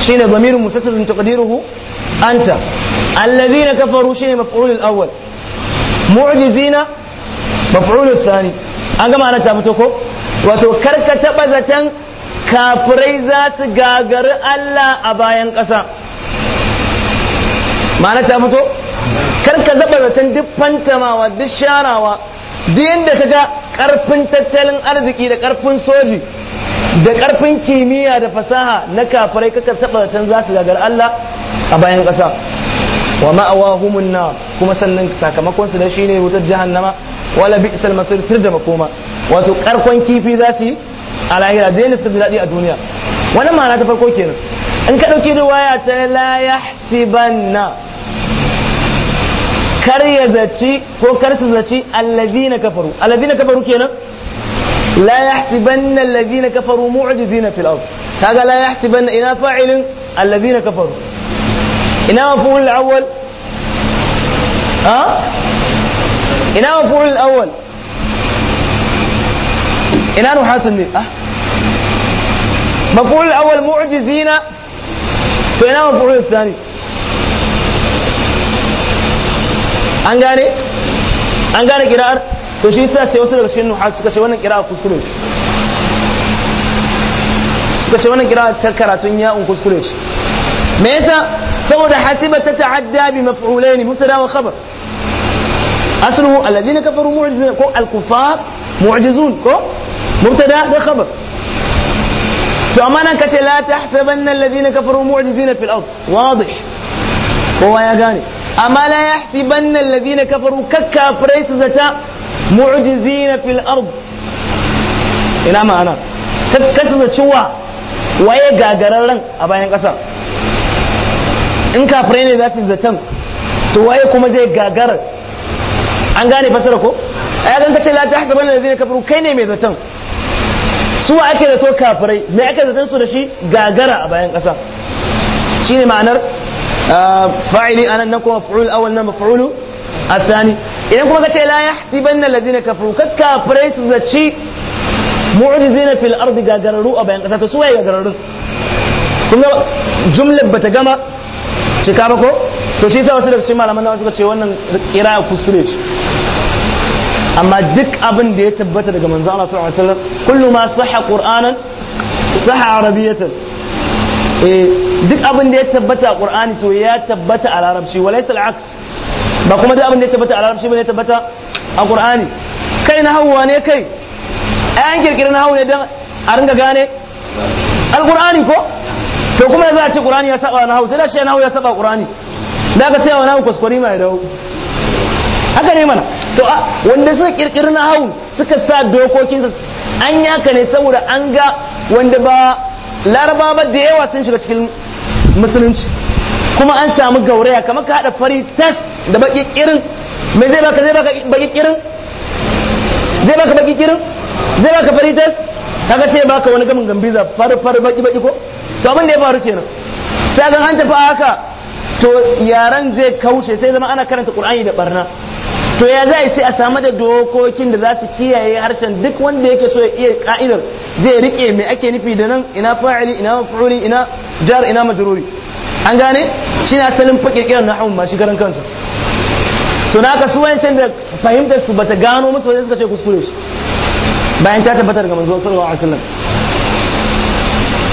shine dhamirun mustatirun taqdiruhu anta alladhina kafaru shine maf'ul al-awwal mu'jizina maf'ul al-thani an gama ana ta fito ko wato karka taba zatan kafirai za su gagari Allah a bayan ƙasa ma'ana ta fito kar ka zaba zaton duk fantamawa duk sharawa duk yadda ka ga ƙarfin tattalin arziki da ƙarfin soji da ƙarfin kimiyya da fasaha na kafirai kaka saba zaton za su gagari Allah a bayan ƙasa wa humun na kuma sannan sakamakon su da shine wutar nama. wala bi'sal masu tur da makoma wato karkon kifi za su yi a lahira da yadda daɗi a duniya wannan ma'ana ta farko kenan in ka ɗauki riwaya ta la yahsibanna kar ya zaci ko kar su zaci allazina kafaru allazina kafaru kenan la ya yahsibanna allazina kafaru mu'jizina fil ard kaga la ya yahsibanna ina fa'ilin allazina kafaru ina maf'ul al-awwal ha ina maf'ul awwal ina nuhatun ne ah maf'ul awwal mu'jizina to ina maf'ul tsani an gane an gane kira'ar to shi yasa sai wasu daga cikin nuhat suka ce wannan kira'ar kuskure ce suka ce wannan kira'ar ta karatun ya'un kuskure ce me yasa saboda hasiba ta ta'adda bi maf'ulaini mubtada wa khabar asluhu alladhina kafaru mu'jizun ko al-kuffar mu'jizun ko mubtada da khabar kace la tahsabanna alladhina kafaru mu'jizina ina ma'ana da waye a bayan ƙasa in kafirai ne za su zaton to waye kuma zai an gane fasara ko ai ga ce la tahsabanna allazina kafaru kai ne mai zaton su ake da to kafirai me ake zaton su da shi gagara a bayan kasa shine ma'anar ah, fa'ili anan nan kuma fa'ul awwal nan maf'ulu athani idan kuma ka ce la yahsibanna allazina kafaru kafirai su zaci mu'jizina fil ardi gagararu a bayan kasa to su waye gagararu kun ga jumlar bata gama cika ba ko to shi sa wasu daga cikin malaman nan suka ce wannan kira kuskure ce amma duk abin da ya tabbata daga manzo Allah sallallahu alaihi wasallam kullu ma sahha qur'anan sahha arabiyatan eh duk abin da ya tabbata a qur'ani to ya tabbata a larabci walaysa al-aks ba kuma duk abin da ya tabbata a larabci bane ya tabbata a qur'ani kai na hawa ne kai ai an kirkira na hawa ne dan a ringa gane al-qur'ani ko to kuma yanzu a ce qur'ani ya saba na hawa sai da shi na hawa ya saba qur'ani da ka sai wa na kuskure ya dawo haka ne mana to a wanda suka kirkiri na hau suka sa dokokin an yaka ne saboda an ga wanda ba laraba ba da yawa sun shiga cikin musulunci kuma an samu gauraya kamar ka hada fari tas da baki kirin me zai baka zai baka baki kirin zai baka baki kirin zai baka fari tas kaga sai baka wani gamin gambiza far far baki baki ko to abin da ya faru kenan sai ga an tafi haka to yaran zai kauce sai zama ana karanta qur'ani da barna to ya za sai a samu da dokokin da za su kiyaye harshen duk wanda yake so ya iya ka'idar zai rike mai ake nufi da nan ina fa'ili ina maf'uli ina jar ina majruri an gane shi na asalin fakirkiran nahwu ma shi garan kansa to na ka su wancan da fahimtar su bata gano musu wajen suka ce kuskure shi bayan ta tabbatar ga manzo sallallahu alaihi wasallam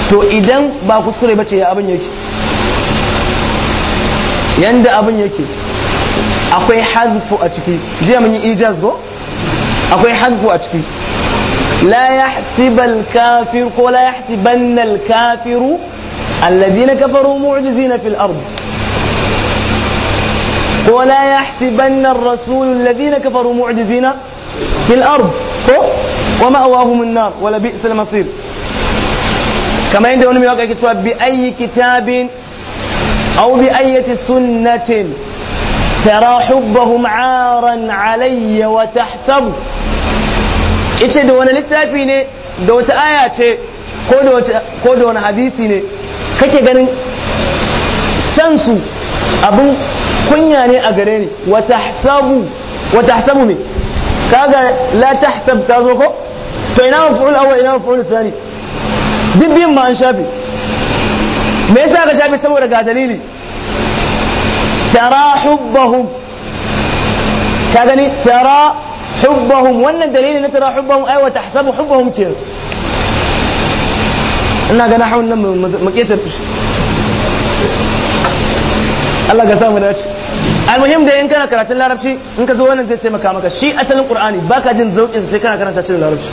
to idan ba kuskure bace ya abin yake yanda abin yake akwai hadfu a ciki jiya mun yi ijaz go akwai hadfu a ciki la yahsibal kafir ko la yahsibanna al kafiru alladhina kafaru mu'jizina fil ard ko la yahsibanna ar rasul alladhina kafaru mu'jizina fil ard ko wa ma'awahum an nar wa la bi'sa al masir kama inda wani mai waka yake cewa bi ayyi kitabin aw bi ayyati sunnatin tara hubbahum aran alayya wa tahsabu yace da wani littafi ne da wata aya ce ko da wani hadisi ne kake ganin san su abin kunya ne a gare ni wa tahsabu wa tahsabu kaga la tahsab ta zo ko to ina maf'ul awwal ina maf'ul thani duk biyun ma an shafi me yasa ka shafi saboda ga dalili tara hubbahum tara hubbahum wannan dalili na tara hubbahum ai wa tahsabu hubbahum ke ina ga nahawun nan mu ketar Allah ga samu dace almuhim da in kana karatun larabci in ka zo wannan zai taimaka maka shi asalin qur'ani baka jin zaukin sai kana karanta shi da larabci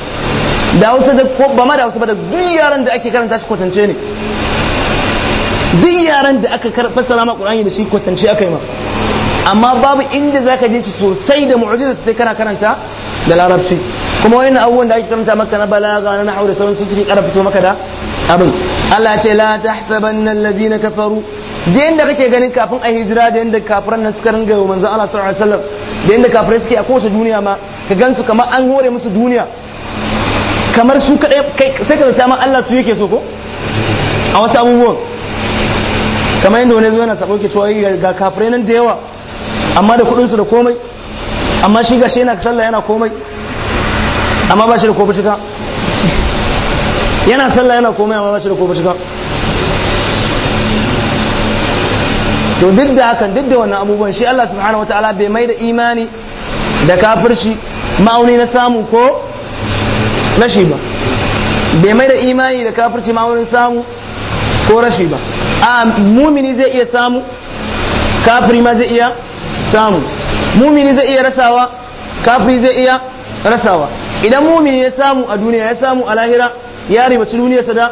da hausa da ko ba ma da hausa ba da duk yaran da ake karanta shi kwatance ni. duk yaran da aka fassara ma qur'ani da shi kwatance aka yi ma amma babu inda zaka je shi sosai da mu'jiza sai kana karanta da larabci kuma wani abubuwan da ake karanta maka na balaga na hau da sauran su suke kara fito maka da abin Allah ce la tahsabanna alladhina kafaru da yanda kake ganin kafin a hijira da yanda kafiran nan suka ringa manzo Allah sallallahu alaihi wasallam da yanda kafirai suke a kowace duniya ma ka gansu kamar an hore musu duniya kamar su kadai sai ka zata ma Allah su yake so ko a wasu abubuwan kamar yadda wani zo yana sabo ke cewa ga kafirai nan da yawa amma da kudinsu da komai amma shi ga shi yana sallah yana komai amma ba shi da kofi cika yana sallah yana komai amma ba shi da kofi cika to duk da hakan duk da wannan abubuwan shi Allah subhanahu wataala bai mai da imani da kafirci ma'auni na samu ko rashi ba bai mai da imani da kafirci ma'aunin samu ko rashi ba Ah, mumini zai iya samu kafiri ma zai iya samu mumini zai iya rasawa kafiri zai iya rasawa idan mumini ya samu a duniya ya samu a lahira ya ribaci duniyarsa da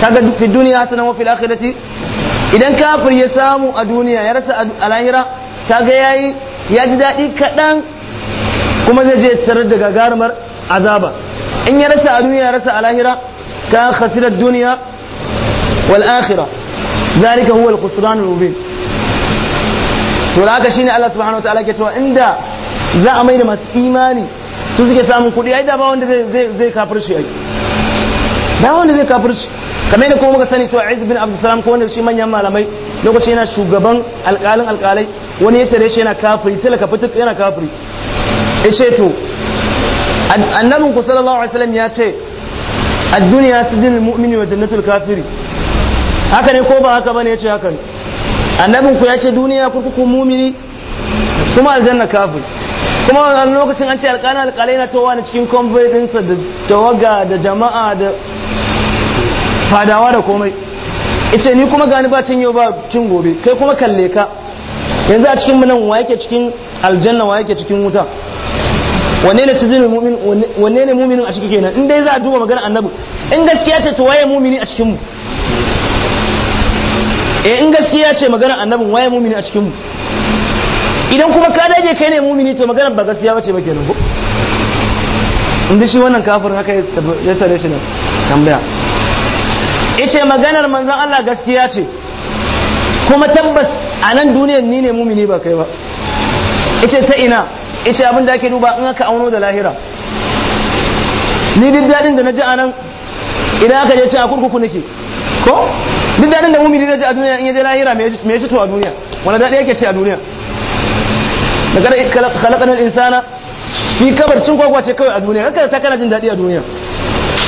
kaga fi duniya hasana wa fil akhirati idan kafiri ya samu a duniya ya rasa a lahira kaga yayi ya ji daɗi kaɗan kuma zai je tarar da gagarumar azaba in ya rasa a duniya ya rasa a lahira ka khasirar duniya wal akhirah zalika huwa al-khusran al-mubin to da haka shine Allah subhanahu wataala ke cewa inda za a maida masu imani su suke samun kuɗi ai da ba wanda zai zai kafirci ai ba wanda zai kafirci kamar da kuma muka sani cewa Izz bin Abdul Salam ko wanda shi manyan malamai lokacin yana shugaban alƙalin alƙalai wani ya tare shi yana kafiri talaka fituk yana kafiri ya ce to annabin ku sallallahu alaihi wasallam ya ce ad-dunya sijnul mu'mini wa jannatul kafiri haka ne ko ba haka bane ce haka ne annabin ku yace duniya kurkuku mumini kuma aljanna kafir kuma a lokacin an ce alƙalin alƙalai na towa na cikin kwamfaitinsa da tawaga da jama'a da fadawa da komai ice ni kuma gani ba cin yau ba cin gobe kai kuma kalle ka yanzu a cikin nan wa yake cikin aljanna wa yake cikin wuta wanne ne sijinul mu'min wanne ne mu'minin a cikin kenan in dai za a duba magana annabi in gaskiya ce to waye mu'mini a cikin mu Eh, in gaskiya ce magana annabin waye mumini a cikin mu idan kuma ka dage kai ne mumini to magana ba gaskiya bace ba kenan ko inda shi wannan kafir haka ya tare shi nan tambaya yace maganar manzon Allah gaskiya ce kuma tabbas a nan duniyar ni ne mumini ba kai ba yace ta ina yace abin da ake duba in aka auno da lahira ni duk dadin da na ji a nan idan aka je ci a kurkuku nake ko duk daɗin da mumini zai ji a duniya in ya je lahira me ya ci to a duniya wani daɗi yake ce a duniya da kada khalaqana insana fi kabar cin kwakwa ce kawai a duniya haka ta kana jin daɗi a duniya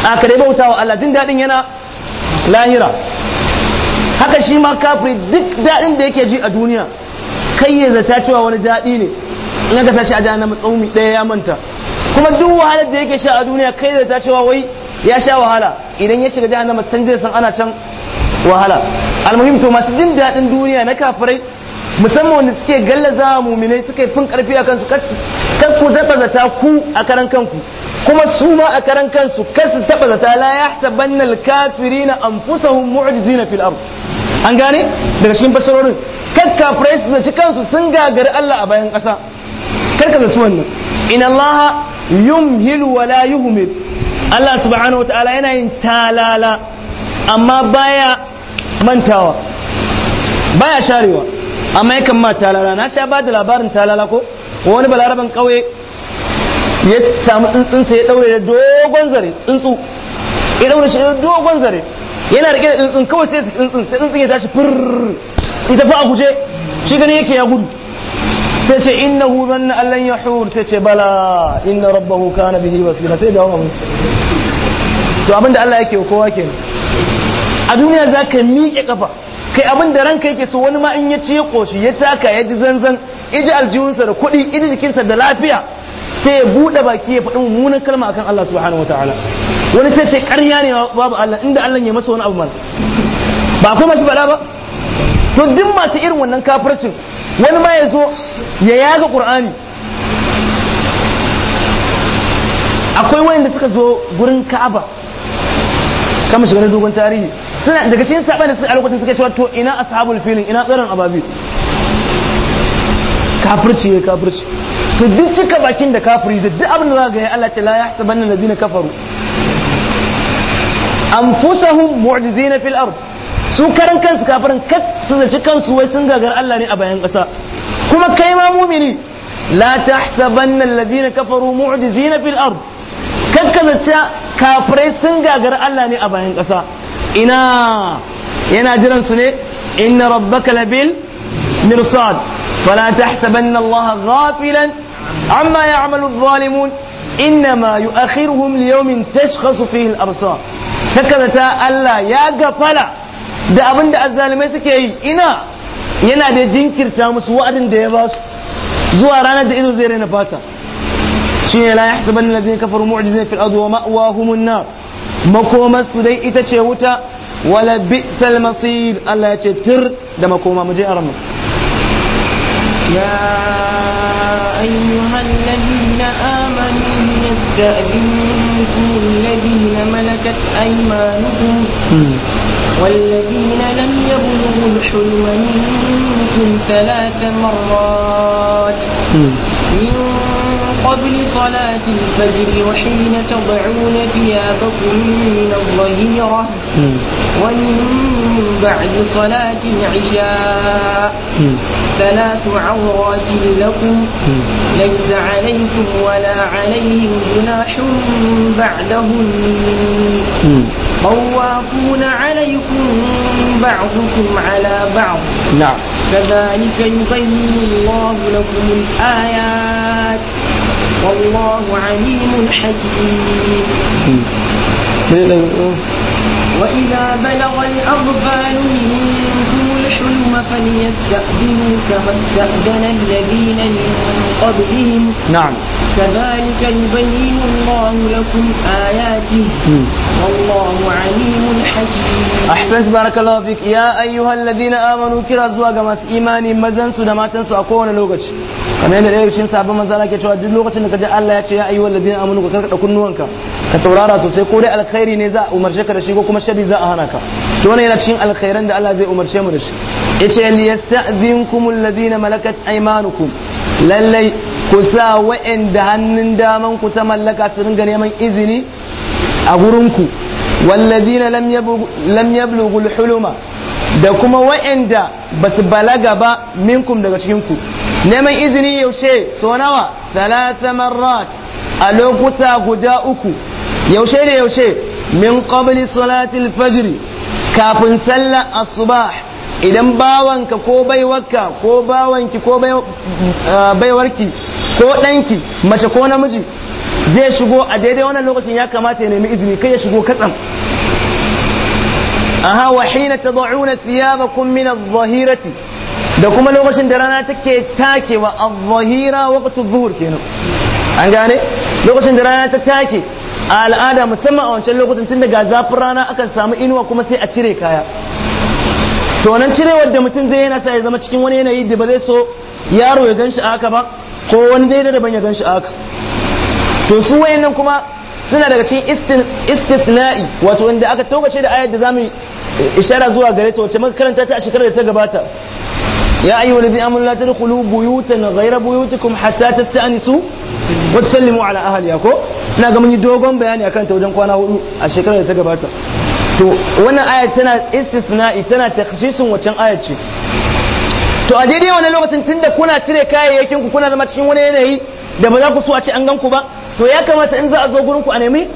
a kare bauta wa Allah jin daɗin yana lahira haka shi ma kafiri duk daɗin da yake ji a duniya kai ya zata cewa wani daɗi ne in ka sace a jahannama tsaumi ɗaya ya manta kuma duk wahalar da yake sha a duniya kai ya ta cewa wai ya sha wahala idan ya shiga jahannama can zai san ana can wahala almuhim to masu jin daɗin duniya na kafirai musamman wanda suke gallaza muminai suka yi fin karfi a kansu kan ku zaba zata ku a karan kanku kuma su ma a karan kansu kasu taba zata la yahtabanna alkafirina anfusahum mu'jizina fil ard an gane daga cikin basarorin kan kafirai su zaci kansu sun gagari Allah a bayan kasa kar ka zaci wannan in Allah yumhil wala yuhmil Allah subhanahu wataala yana yin talala amma baya mantawa baya sharewa amma yakan ma talala na sha ba da labarin talala ko wani balaraban kauye ya samu tsuntsunsa ya daure da dogon zare tsuntsu ya daure shi da dogon zare yana rike da tsuntsun kawai sai tsuntsun sai tsuntsun ya tashi fur ita fa a guje shi gani yake ya gudu sai ce innahu dhanna an lan yahur sai ce bala inna rabbahu kana bihi basira sai dawo musu to abinda Allah yake kowa kenan a duniya zaka miƙe kafa kai abin da ranka yake so wani ma in ya ci ya koshi ya taka ya ji zanzan iji aljihunsa da kuɗi iji jikinsa da lafiya sai ya buɗe baki ya faɗi mummunan kalma akan Allah subhanahu wataala wani sai ce ƙarya ne babu Allah inda Allah ya masa wani abu mara. ba akwai masu faɗa ba to duk masu irin wannan kafircin wani ma ya zo ya yaga qur'ani akwai wanda suka zo gurin ka'aba kama shiga na dogon tarihi suna daga cikin saɓa da suka a lokacin suka cewa to ina ashabul filin ina tsaron ababi kafirci ya kafirci to duk cika bakin da kafiri da duk abin da za ga ya Allah ce la yahsabanna allazina kafaru anfusahum mu'jizina fil ard su karan kansu kafirin kar su zaci kansu wai sun gagar Allah ne a bayan ƙasa kuma kai ma mumini la tahsabanna alladhina kafaru mu'jizina fil ard zaci kafirai sun gagar Allah ne a bayan ƙasa ina yana jiran su ne inna rabbaka labil mirsad fala tahsabanna allaha ghafilan amma ya'malu adh-dhalimun إنما يؤخرهم ليوم تشخص فيه الأبصار هكذا allah ya gafala. da abin da azzalimai suke yi ina yana da jinkirta musu wa'adin da ya ba su zuwa ranar da ido zai raina fata shi ne la yahsaban kafar kafaru mu'jizin fil ardi wa ma'wahum an makomar su dai ita ce wuta wala bi'sal masir Allah ya ce tir da makoma mu je aramu ya ayyuhal ladina amanu yasta'dinkum alladina malakat aymanukum hmm. والذين لم يبلغوا الحلم منكم ثلاث مرات من قبل صلاة الفجر وحين تضعون ثيابكم من الظهيرة ومن بعد صلاة العشاء ثلاث عورات لكم ليس عليكم ولا عليهم جناح بعدهن طوافون عليكم بعضكم على بعض نعم كذلك يبين الله لكم الآيات والله عليم حكيم وإذا بلغ الأغفال منكم الحلم فليستأذنوا كما استأذن الذين من قبلهم نعم كذلك يبين الله لكم آياته والله عليم حكيم أحسنت بارك الله فيك يا أيها الذين آمنوا كرا زوا جماس إيماني مزن سودا ما تنسوا أكون لوجت kamar yadda ɗaya cikin sabon manzala ke cewa duk lokacin da ka ji Allah ya ce ya ayyuhal ladina amanu ka karkada kunnuwanka ka saurara sosai ko dai alkhairi ne za a umarce ka da shi ko kuma shari za a hana ka to wannan yana cikin alkhairan da Allah zai umarce mu da shi yace liyasta'zinkum alladhina malakat aymanukum lallai ku sa wa'anda hannun daman ku ta mallaka su ringa neman izini a ku walladhina lam yablughul huluma da kuma wa'anda basu balaga ba minkum daga cikin ku neman izini yaushe so nawa thalatha marrat a lokuta guda uku yaushe ne yaushe min qabli salatil fajr kafin sallar asubah idan bawanka ko baiwarka ko bawanki ko eh, baiwarki ko ɗanki mace ko namiji zai shigo a daidai wannan lokacin ya kamata ya nemi izini kai ya shigo katsam aha wa hina tad'una thiyabakum min adh-dhahirati da kuma lokacin da rana take wa adh-dhahira waqtu adh-dhuhr kenan an gane lokacin da rana ta take a al'ada musamman a wancan lokacin tun daga zafin rana akan samu inuwa kuma sai a cire kaya to nan cirewar da mutum zai yana sa ya zama cikin wani yanayi da ba zai so yaro ya gan shi haka ba ko wani zai da daban ya gan shi haka to su wayannan kuma suna daga cikin istisna'i wato wanda aka taukace da ayar da zamu ishara zuwa gare ta wacce muka karanta ta a shekarar da ta gabata ya ayyuhal ladina amanu la tadkhulu buyutan ghayra buyutikum hatta tasta'nisu wa tusallimu ala ahliha ko ina ga mun yi dogon bayani akan ta wajen kwana hudu a shekarar da ta gabata to wannan aya tana istisna'i tana takhsisun wacin aya ce to a daidai wannan lokacin tunda kuna cire kayayyakin ku kuna zama cikin wani yanayi da ba za ku so a ci an gan ba to ya kamata in za a zo gurin ku a nemi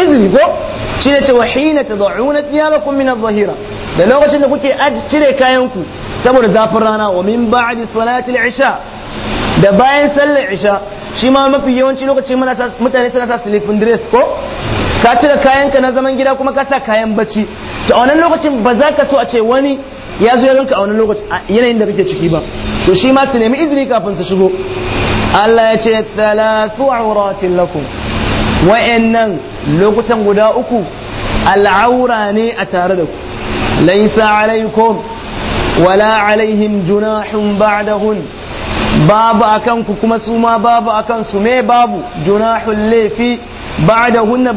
izini ko shi ne wa hina tad'una thiyabakum min adh-dhahira da lokacin da kuke aji cire kayan ku saboda zafin rana wa min ba'di salati al-isha da bayan sallar isha shi ma mafi yawanci lokacin mutane suna sa sleeping dress ko ka cire kayanka na zaman gida kuma ka sa kayan bacci to a wannan lokacin ba za ka so a ce wani ya zo ya ganka a wannan lokacin yanayin da kake ciki ba to shi ma su nemi izini kafin su shigo Allah ya ce talatu auratin lakum wa'annan lokutan guda uku al'aura ne a tare da ku laisa alaikum wala alaihim junahun ba'dahun babu akan ku kuma su ma babu akan su me babu junahun laifi hunna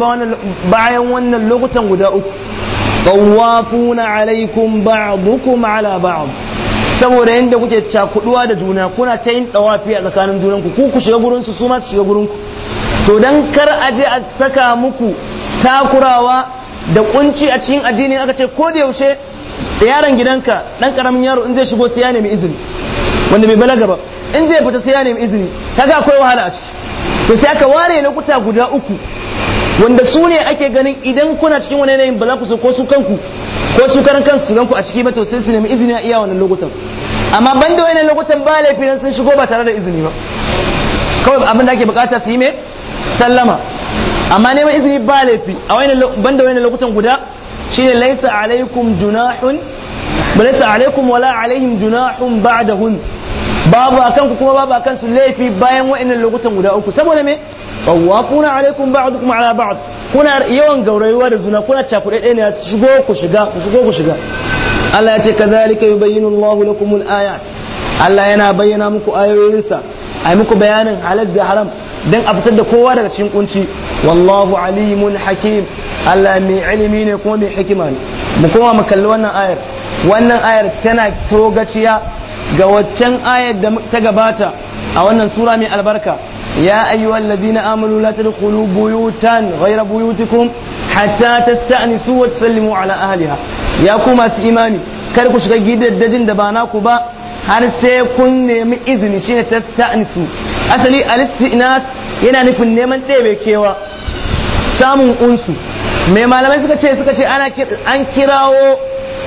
bayan wannan lokutan guda uku tawafuna alaikum ba'dukum ala ba'd saboda yanda kuke cakuduwa da juna kuna ta yin tawafi a tsakanin junanku ku ku shiga gurin su su ma su shiga gurin ku to dan kar a je a saka muku takurawa da kunci a cikin addini aka ce ko da yaushe yaron gidanka dan karamin yaro in zai shigo sai ya nemi izini wanda bai balaga ba in zai fita sai ya nemi izini kaga akwai wahala a ciki to sai aka ware lokuta guda uku wanda su ne ake ganin idan kuna cikin wani yanayin ba za ku so ko su kanku ko su karan kansu su ganku a ciki ba to sai su nemi izini a iya wannan lokutan amma ban da wannan lokutan ba laifi nan sun shigo ba tare da izini ba kawai abin da ake bukata su yi mai sallama amma neman izini ba laifi a ban da wannan lokutan guda shine laisa alaikum junahun laisa alaikum wala alaihim junahun ba'dahun babu akan ku kuma babu akan su laifi bayan wa'annan lokutan guda uku saboda me tawafuna alaikum ba'dukum ala ba'd kuna yawan gaurayuwa da zuna kuna cakuɗe ɗaya ne shigo ku shiga ku shigo ku shiga Allah ya ce kadhalika yubayyinu Allahu lakum al-ayat Allah yana bayyana muku ayoyinsa ai muku bayanin halal da haram dan a fitar da kowa daga cikin kunci wallahu alimun hakim Allah mai ilimi ne kuma mai hikima ne mu koma mu kalli wannan ayar wannan ayar tana togaciya ga waccan ayar da ta gabata a wannan sura mai albarka ya ayyuhal ladina amanu la tadkhulu buyutan ghayra buyutikum hatta tasta'nisu wa tusallimu ala ahliha ya ku masu imani kar ku shiga gidaddajin da ba naku ba har sai kun nemi izini shine tasta'nisu asali al-istinas yana nufin neman ɗebe kewa samun unsu mai malamai suka ce suka ce an kirawo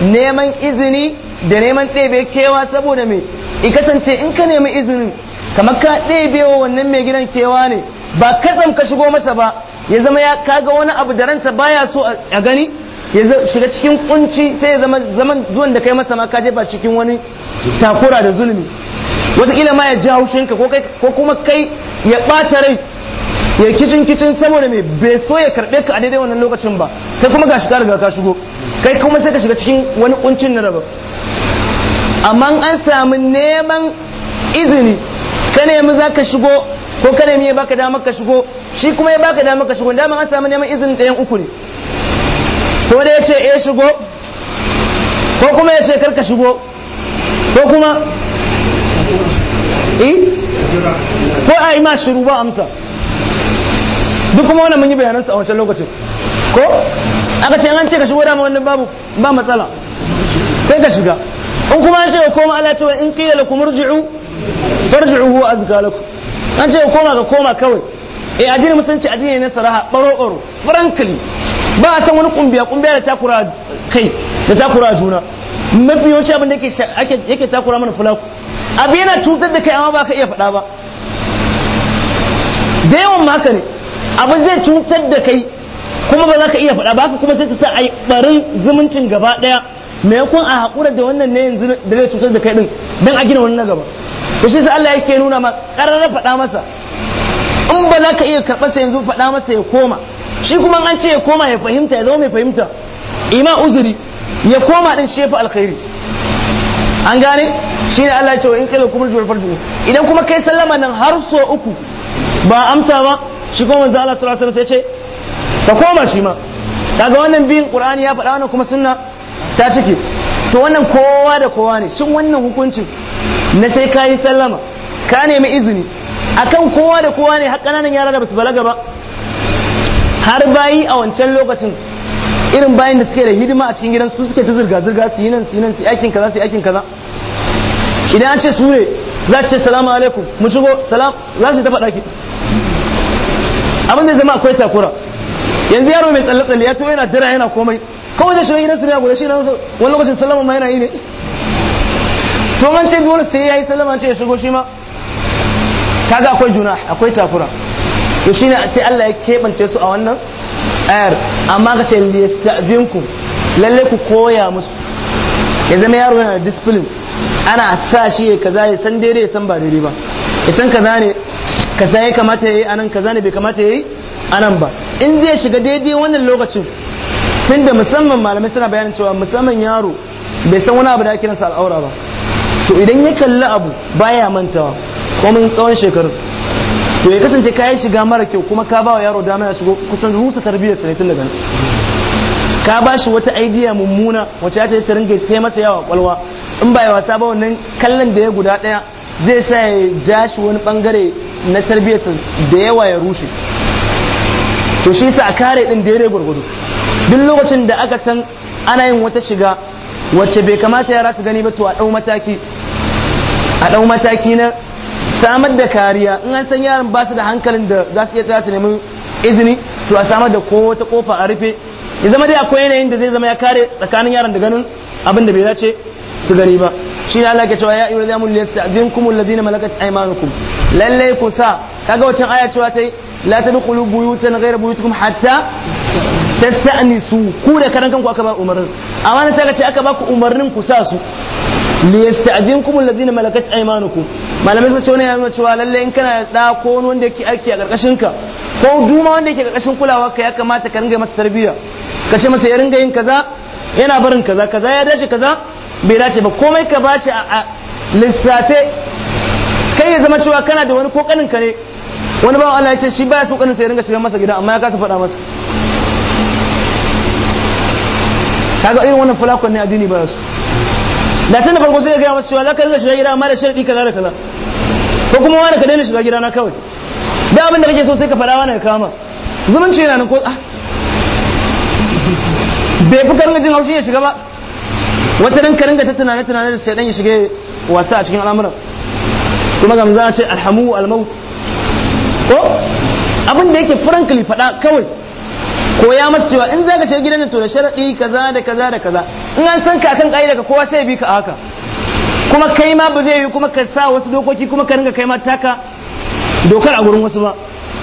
neman izini da neman ɗebe kewa saboda me i kasance in ka nemi izinin kamar ka ɗebe wa wannan mai gidan kewa ne ba katsam ka shigo masa ba ya zama ya kaga wani abu da ransa baya so a gani ya shiga cikin kunci sai ya zama zaman zuwan da kai masa ma ka ba cikin wani takura da zulumi wataƙila ma ya ji haushinka ko kuma kai ya ɓata rai ya kicin kicin saboda me bai so ya karbe ka a daidai wannan lokacin ba kai kuma ga shiga daga ka shigo kai kuma sai ka shiga cikin wani kuncin na daban amma an samu neman izini ka nemi za ka shigo ko ka nemi ya baka damar ka shigo shi kuma ya baka damar ka shigo dama an samu neman izini ɗayan uku ne ko da ya ce eh shigo ko kuma ya ce kar ka shigo ko kuma eh ko a yi ma shiru ba amsa duk kuma wannan mun yi bayanan su a wancan lokacin ko aka ce an ce ka shigo dama wannan babu ba matsala sai ka shiga in kuma an ce ka koma Allah cewa in qila lakum irji'u farji'u huwa azka lakum an ce ka koma ka koma kawai eh addinin musulunci addini ne saraha baro baro frankly ba a san wani kumbiya kumbiya da takura kai da takura juna mafi yawanci abin da yake yake takura mana fulaku abu yana cutar da kai amma ba ka iya faɗa ba da yawan maka ne abin zai cutar da kai kuma ba za ka iya faɗa ba ka kuma sai ta sa a yi ɓarin zumuncin gaba ɗaya kun a haƙura da wannan ne yanzu da zai cutar da kai din don a gina wannan gaba to shi sa Allah yake nuna ma karara faɗa masa in ba za ka iya karɓarsa yanzu faɗa masa ya koma shi kuma an ce ya koma ya fahimta ya zama mai fahimta ima uzuri ya koma din shefa alkhairi an gane shi ne Allah ya ce wa in kila kuma juwar farji idan kuma kai sallama nan har so uku ba amsa ba shi kuma manzo Allah sallallahu alaihi wasallam sai ce ka koma shi ma kaga wannan bin qur'ani ya faɗa wannan kuma sunna ta ciki to wannan kowa da kowa ne shin wannan hukuncin na sai ka yi sallama ka nemi izini akan kowa da kowa ne har kananan yara da basu balaga ba har bayi a wancan lokacin irin bayan da suke da hidima a cikin gidan su suke ta zirga zirga su yi nan su yi nan su yi aikin kaza su yi aikin kaza idan an ce su ne za su ce salamu alaikum mu shigo salam za su ta faɗa ki abin da zama akwai takura yanzu yaro mai tsalle-tsalle ya ce yana dira yana komai kawai zai shiga gidansa ne a guda shi nan wani lokacin sallama ma yana yi ne to man ce dole sai ya yi sallama ce ya shigo shi ma kaga akwai juna akwai takura to shine sai Allah ya keɓance su a wannan ayar amma ka ce liyastazinku lalle ku koya musu ya zama yaro yana da discipline ana sa shi ya kaza ya san daidai ya san ba daidai ba ya san kaza ne kaza ya kamata ya yi anan kaza ne bai kamata yi anan ba in zai shiga daidai wannan lokacin tunda musamman malamai suna bayanin cewa musamman yaro bai san wani abu da kiransa al'aura ba to idan ya kalli abu baya mantawa mun tsawon shekaru to ya kasance yi shiga mara kyau kuma ka ba wa yaro dama ya shigo kusan rusa tarbiyyar sa ne tun daga ka ba shi wata aidiya mummuna wacce ya ta ringa ta masa yawa kwalwa in ba ya wasa ba wannan kallon da ya guda daya zai sa ya ja shi wani bangare na tarbiyyarsa da yawa ya rushe to shi sa a kare din daidai gwargwado duk lokacin da aka san ana yin wata shiga wacce bai kamata ya su gani ba to a ɗau mataki na samar da kariya in an san yaran ba su da hankalin da za su iya tsaya su neman izini to a samar da kowata wata kofa a rufe ya zama dai akwai yanayin da zai zama ya kare tsakanin yaran da ganin abin da bai dace su gani ba shi ne Allah ke cewa ya ayyuhal kuma amanu yasta'dinkumul ladina malakat aymanukum lalle ku sa kaga wacin aya cewa tai la na buyutan ghayra kuma hatta su ku da karan kanku aka ba umarnin amma ne sai ce aka ba ku umarnin ku sa su liyasta'dinkumul ladina malakat aymanukum malamai sun ce wani ya nuna cewa lalle in kana da ko wani wanda yake aiki a ƙarƙashin ka ko duma wanda yake ƙarƙashin kulawa ka ya kamata ka ringa masa tarbiyya ka ce masa ya ringa yin kaza yana barin kaza kaza ya dace kaza bai dace ba komai ka bashi a lissafe kai ya zama cewa kana da wani kokarin ka ne wani bawan Allah ya ce shi baya so kanin sai ringa shiga masa gida amma ya kasa faɗa masa kaga irin wannan fulakon ne addini ba su da tun da farko sai ya gaya masa cewa za ka ringa shiga gida amma da sharadi kaza da kaza ko kuma wani ka daina shiga gida na kawai da abin da kake so sai ka faɗa wani ka kama zumunci yana nan ko ah bai fi karni jin haushin ya shiga ba wata ran karin ta tunane tunane da shaidan ya shige wasa a cikin al'amuran kuma ga za a ce alhamu almaut ko abin da yake frankly faɗa kawai ko ya masa cewa in ka shiga gidan to da sharaɗi kaza da kaza da kaza in an san ka akan kaida ka kowa sai bi ka haka kuma kai ma ba zai yi kuma ka sa wasu dokoki kuma ka ringa kai ma taka dokar a gurin wasu ba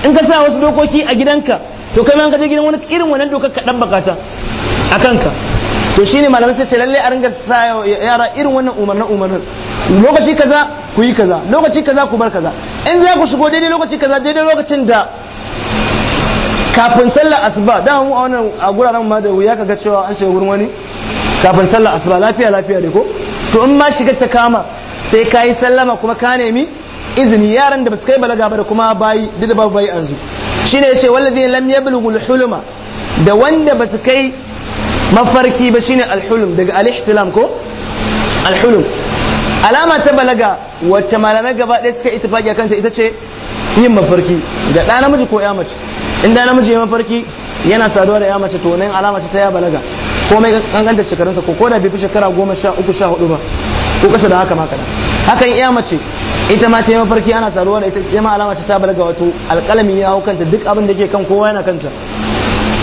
in ka sa wasu dokoki a gidanka to kai ma ka je gidan wani irin wannan dokar ka dan bakata akan ka to shine malamai sai ce lalle a ringa sa yara irin wannan umarni umarnin lokaci kaza ku yi kaza lokaci kaza ku bar kaza in za ku shigo daidai lokaci kaza daidai lokacin da kafin sallar asuba da mu a wannan a guraren ma da wuya kaga cewa an shiga gurin wani kafin sallar asuba lafiya lafiya ne ko to in ma shiga ta kama sai ka yi sallama kuma ka nemi izini yaran da basu kai balaga ba da kuma bayi duk da babu bayi anzu shine yace wallazi lam yablughul hulma da wanda basu kai mafarki ba shine alhulum daga alihtilam ko alhulum alama ta balaga wacce malamai gaba ɗaya suka ittifaki kansa ita ce yin mafarki ga ɗa namiji ko ya mace in da namiji ya mafarki yana saduwa da ya mace to nan alama ta ya balaga ko mai kankanta shekarunsa ko koda bai fi shekara goma sha uku sha hudu ba ko kasa da haka ma kaɗan hakan ya mace ita ma ta yi mafarki ana saduwa da ita ma alama ta balaga wato alƙalami ya hau kanta duk abin da ke kan kowa yana kanta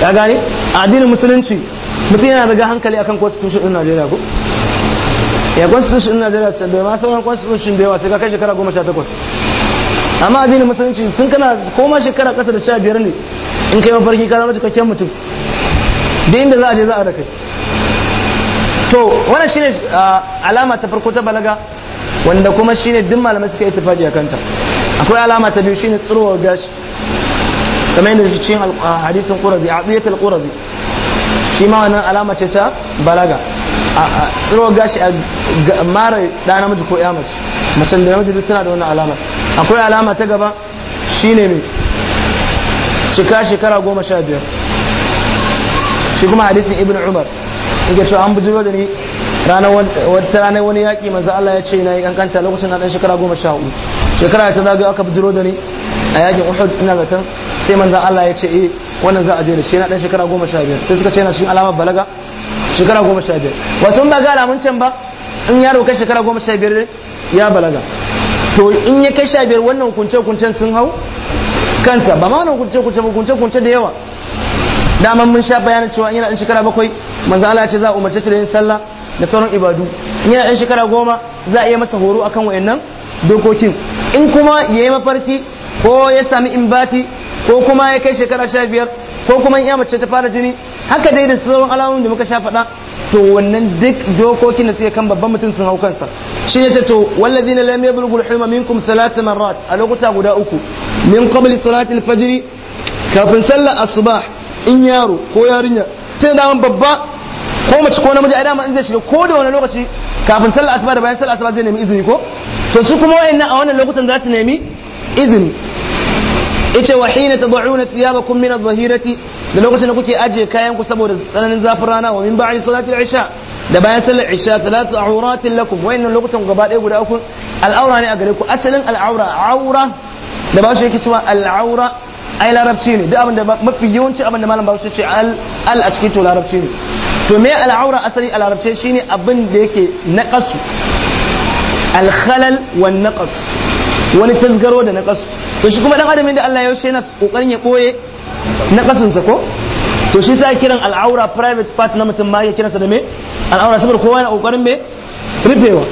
ka gane addinin musulunci mutum yana daga hankali akan constitution din Najeriya ko ya constitution din Najeriya sai bai ma sauran constitution da yawa sai ka kai shekara 18 amma addinin musulunci tun kana koma shekara kasa da 15 ne in kai mafarki ka zama cikakken mutum da inda za a je za a da kai to wannan shine alama ta farko ta balaga wanda kuma shine duk malamai suka yi tafaji a kanta akwai alama ta biyu shine tsirowar gashi kamar yadda su cikin hadisin a aqiyatul ƙurazi shi ma wannan alama ce ta balaga a tsiro gashi a mara da namiji ko ya mace mace da namiji tana da wannan alama akwai alama ta gaba shine mai cika shekara goma sha biyar shi kuma hadisin ibn umar yake cewa an bujiro da ni wata ranar wani yaƙi manzo Allah ya ce na yi kankanta lokacin na ɗan shekara goma sha hudu shekara ta zagayo aka bujiro da ni a yakin uhud ina zaton sai manzan Allah ya ce eh wannan za a je da shi yana dan shekara goma sha biyar sai suka ce yana cikin alamar balaga shekara goma sha biyar wato in ba ga alamun can ba in yaro kai shekara goma sha biyar ya balaga to in ya kai sha biyar wannan kunce kuncen sun hau kansa ba ma wannan kunce kunce kunce kunce da yawa daman mun sha bayanin cewa yana dan shekara bakwai manzan Allah ya ce za a umarce shi da yin sallah da sauran ibadu yana dan shekara goma za a iya masa horo akan wayannan dokokin in kuma ya yi mafarki ko ya sami imbati ko kuma ya kai shekara sha biyar ko kuma ya mace ta fara jini haka dai da sauran alamun da muka sha faɗa to wannan duk dokokin da suke kan babban mutum sun hau kansa shi ne to wallazina lam yablughu al-hulma minkum thalath marat a lokuta guda uku min qabli salati al-fajr kafin sallar asbah in yaro ko yarinya tun da babba ko mace ko namiji ai dama in zai shiga ko da wani lokaci kafin sallar asuba da bayan sallar asuba zai nemi izini ko to su kuma wayannan a wannan lokutan za su nemi izini ita wa hina tad'una thiyabakum min adh zahirati da lokacin da kuke aje kayan ku saboda tsananin zafin rana wa min ba'di salati al-isha da bayan sallar isha salatu auratin lakum wayannan lokutan gaba ɗaya guda uku al'aura ne a gare ku asalin al'aura aura da ba shi yake cewa al'aura ai larabci ne duk abin da mafi yawanci abin da malam bahaushe ce al a cikin to larabci ne to me al'aura asali a larabce shine abin da yake naqasu al-khalal wan naqas wani tasgaro da naqasu to shi kuma dan adam inda Allah ya shi yana kokarin ya boye naqasin sa ko to shi sai kiran al'aura private part na mutum ma ya kiransa da me al'aura saboda kowa yana kokarin me rufewa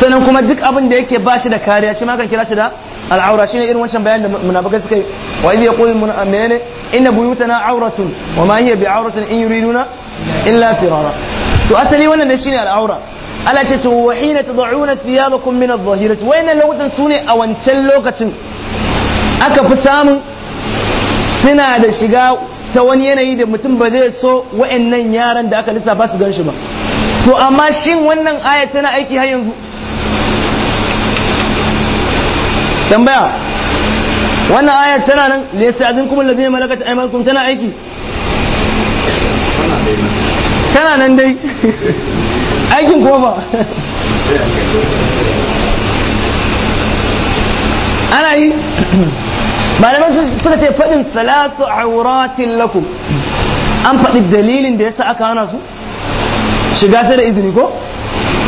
sannan kuma duk abin da yake bashi da kariya shi ma kan kira shi da al'aura shine irin wancan bayanin da munafikai suka yi wa idh yaqulu menene inna buyutana auratun wa ma hiya bi'auratin in yuriduna illa firara to asali wannan ne shine al'aura Allah ce to wa hina tad'una thiyabakum min adh-dhahirati wayannan lokutan sune a wancan lokacin aka fi samun suna da shiga ta wani yanayi da mutum ba zai so wa'annan yaran da aka lissafa su gan shi ba to amma shin wannan aya tana aiki har yanzu tambaya wannan aya tana nan da yasa azin kuma lazina malakat aymanukum tana aiki tana nan dai aikin kuma ba ana yi malamai suna ce faɗin salatu auratin lakum an faɗi dalilin da ya sa aka hana su shiga sai da izini ko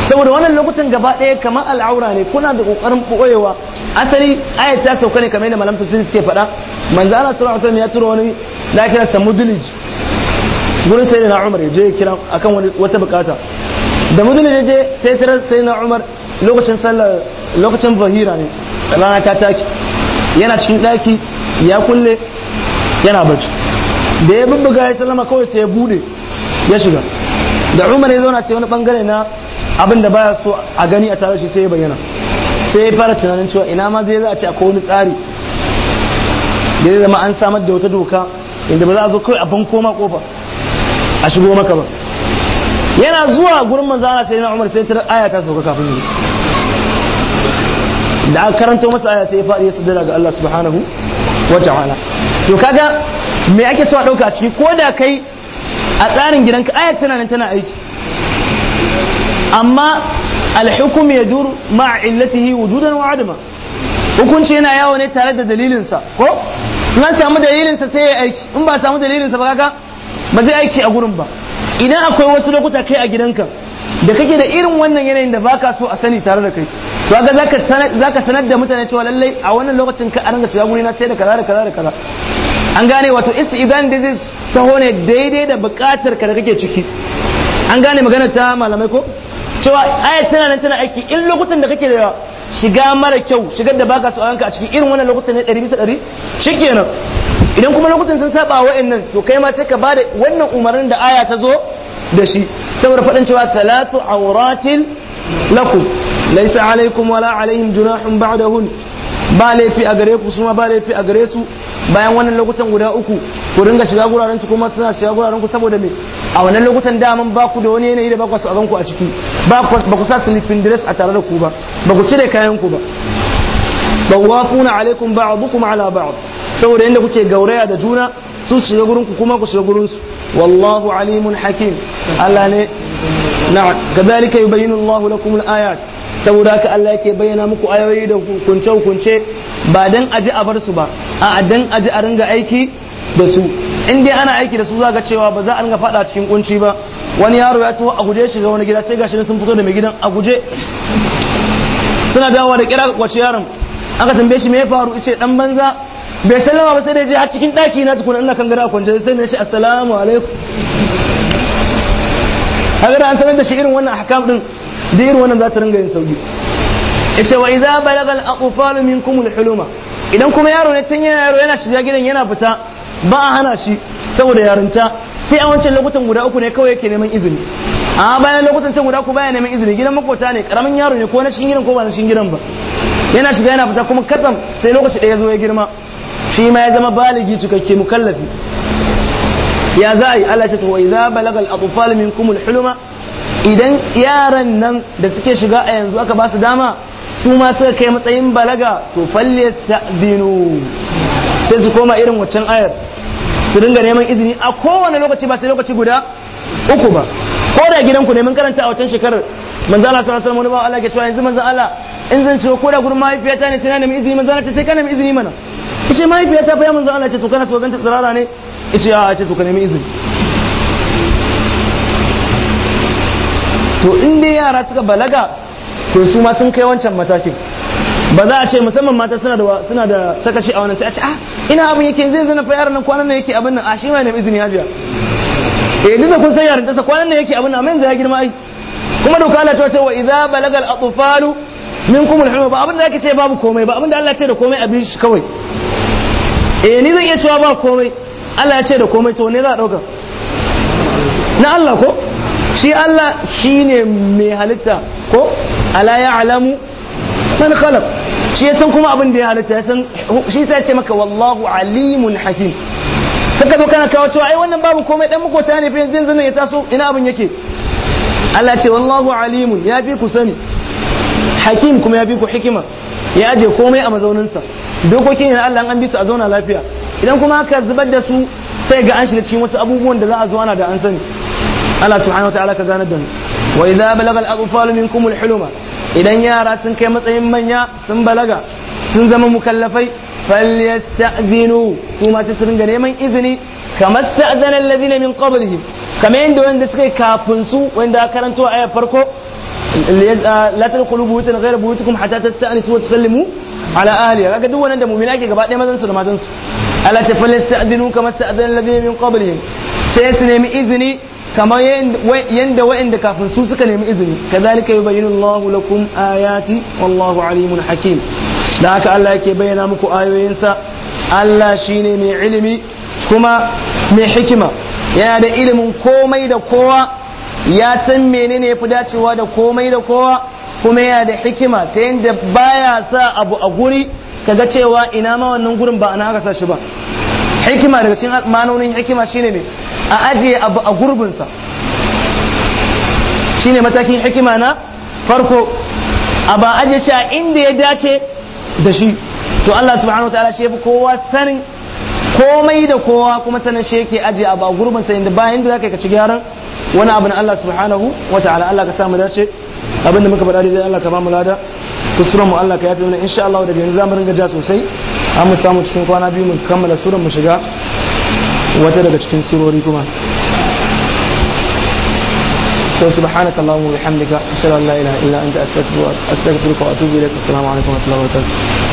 saboda wannan lokutan gaba ɗaya kamar al'aura ne kuna da ƙoƙarin ɓoyewa asali ayat ta sauka ne kamar yadda malam sun suke faɗa manzo Allah sallallahu alaihi ya tura wani da kira sa mudlij gurin sai na Umar je kira akan wani wata bukata da mutum ya sai tarar sai na umar lokacin sallar lokacin bahira ne rana ta taki yana cikin daki ya kulle yana bacci da ya bubbuga ya sallama kawai sai ya bude ya shiga da umar ya zauna sai wani bangare na abin da baya so a gani a tare shi sai ya bayyana sai ya fara tunanin cewa ina ma zai zace a ce akwai wani tsari da zai zama an samar da wata doka inda ba za a zo kawai a ban koma kofa a shigo maka ba yana zuwa gurin manzo ana sai na Umar sai ta aya ta sauka kafin yi da aka karanto masa aya sai ya faɗi ya sadara ga Allah subhanahu wa ta'ala to kaga me ake so a dauka ciki ko da kai a tsarin gidanka ayat tana nan tana aiki amma alhukum yadur ma'a illatihi wujudan wa adama hukunci yana yawo ne tare da dalilinsa ko in an samu dalilinsa sai ya aiki in ba samu dalilinsa ba kaga ba zai aiki a gurin ba idan akwai wasu lokuta kai a gidanka da kake da irin wannan yanayin da baka so a sani tare da kai to ga zaka sanar da mutane cewa lallai a wannan lokacin ka aranga ga shiga gurina na sai da kaza da kaza da kaza an gane wato idan da zai taho ne daidai da bukatar ka da kake ciki an gane magana ta malamai ko cewa ayat tana nan tana aiki in lokutan da kake da shiga mara kyau shigar da baka so a ranka a ciki irin wannan lokutan ne 100 bisa 100 shikenan idan kuma lokutan sun saba wa'annan to kai ma sai ka bada wannan umarnin da aya ta zo da shi saboda faɗin cewa salatu auratil lakum laisa alaikum wala alaihim junahun ba'dahun ba laifi a gare ku su ba laifi a gare su bayan wannan lokutan guda uku ku dinga shiga guraren su kuma suna shiga guraren ku saboda me a wannan lokutan daman ba ku da wani yanayi da ba ku su a ku a ciki ba ku sa sleeping dress a tare da ku ba ba ku cire kayan ku ba tawafuna alaikum ba'dukum ala ba'd saboda yanda kuke gauraya da juna sun shiga gurin ku kuma ku shiga gurin su wallahu alimun hakim Allah ne na'am kadhalika yubayyinu Allahu lakum al-ayat saboda haka Allah yake bayyana muku ayoyi da kunce kunce ba dan aji a bar su ba a dan aji a ringa aiki da su in dai ana aiki da su za cewa ba za a ringa fada cikin kunci ba wani yaro ya taho a guje shiga wani gida sai gashi sun fito da mai gidan a guje suna dawowa da kira kwace yaron aka tambaye shi me ya faru ce dan banza bai sallama ba sai da je a cikin daki na tukuna ina kan gada a kwance sai na shi assalamu alaikum kaga da an sanar da shi irin wannan ahkam din da irin wannan za ta ringa yin sauki yace wa idza balagha al-atfal minkum al-huluma idan kuma yaro ne tun yana yaro yana shiga gidan yana fita ba a hana shi saboda yarinta sai a wancan lokutan guda uku ne kawai yake neman izini a bayan lokutan can guda uku baya neman izini gidan makota ne karamin yaro ne ko na cikin gidan ko ba na cikin gidan ba yana shiga yana fita kuma katsam sai lokaci ɗaya zo ya girma shi ma ya zama baligi cikakke mukallafi ya za a yi Allah ce to idza balaga al-atfal hulma idan yaran nan da suke shiga a yanzu aka ba su dama su ma suka kai matsayin balaga to falle sai su koma irin waccan ayar su dinga neman izini a kowane lokaci ba sai lokaci guda uku ba ko da gidanku ne mun karanta a wancan shekarar manzo Allah sallallahu alaihi wasallam Allah ke cewa yanzu manzo Allah in zan ce ko da gurin mahaifiyata ne sai na nemi izini manzo Allah ce sai ka nemi izini mana ce mahaifiyata fa ya manzo Allah ce to kana so ganta tsirara ne ce a ce to ka nemi izini to in dai yara suka balaga to su ma sun kai wancan matakin ba za a ce musamman mata suna da suna da sakaci a wannan sai a ce ah ina abin yake zai zana fa yaran nan kwanan nan yake abin nan a shi mai ne izini hajiya eh duk da kun san yaran tasa kwanan nan yake abin nan amma yanzu ya girma ai kuma doka Allah ta ce wa idza balagal atfalu minkum alhulma ba abin da yake ce babu komai ba abin da Allah ya ce da komai abin shi kawai eh ni zan iya cewa ba komai Allah ya ce da komai to ne za a dauka na Allah ko shi Allah shine mai halitta ko ala ya alamu man khalaq shi ya san kuma abin da ya halitta ya shi sai ya ce maka wallahu alimun hakim kaga zo kana kawo cewa ai wannan babu komai dan makota ne fa yanzu yanzu ya taso ina abin yake Allah ce wallahu alimun ya fi ku sani hakim kuma ya fi ku hikima ya aje komai a mazauninsa dokokin ne Allah an bi su a zauna lafiya idan kuma aka zubar da su sai ga an shiga cikin wasu abubuwan da za a zo ana da an sani Allah subhanahu wataala ka ganar da ni wa idza balaga al-aghfal minkum al-huluma idan yara sun kai matsayin manya sun balaga sun zama mukallafai falyasta'zinu su ma su ringa neman izini kamar sta'zana alladhina min qablihim kamar yadda wanda suka kafin su wanda karanto a farko la tadkhulu buyutan ghayra buyutikum hatta tasta'nisu wa tusallimu ala ahliha kaga duk wannan da mu'mina ke gaba ɗaya mazan su da matan su Allah ta falyasta'zinu kamar sta'zana alladhina min qablihim sai su nemi izini kamar yadda waɗanda kafin su suka nemi izini kazalika yubayyinu Allahu lakum ayati wallahu alimun hakim da haka Allah yake bayyana muku ayoyinsa Allah shine mai ilimi kuma mai hikima yana da ilimin komai da kowa ya san menene ya dacewa da komai da kowa kuma yana da hikima ta yadda baya sa abu a guri kaga cewa ina ma wannan gurin ba ana haka sa shi ba hikima daga cikin manonin hikima shine ne a ajiye abu a gurbinsa shine matakin hikima na farko a ba ajiye shi a inda ya dace da shi to Allah subhanahu wataala shi yafi kowa sanin komai da kowa kuma sanin shi yake ajiye abu a gurbinsa inda bayan inda zaka ka ci gyaran wani abu na Allah subhanahu wataala Allah ka samu dace abinda muka faɗa dai Allah ka ba mu lada kusuran mu Allah ka yafe mana insha Allah daga yanzu zamu ringa ja sosai an mu samu cikin kwana biyu mu kammala suran mu shiga wata daga cikin surori kuma to subhanaka allahumma wa bihamdika ashhadu an la ilaha illa anta astaghfiruka wa atubu ilaik assalamu alaikum wa rahmatullahi wa barakatuh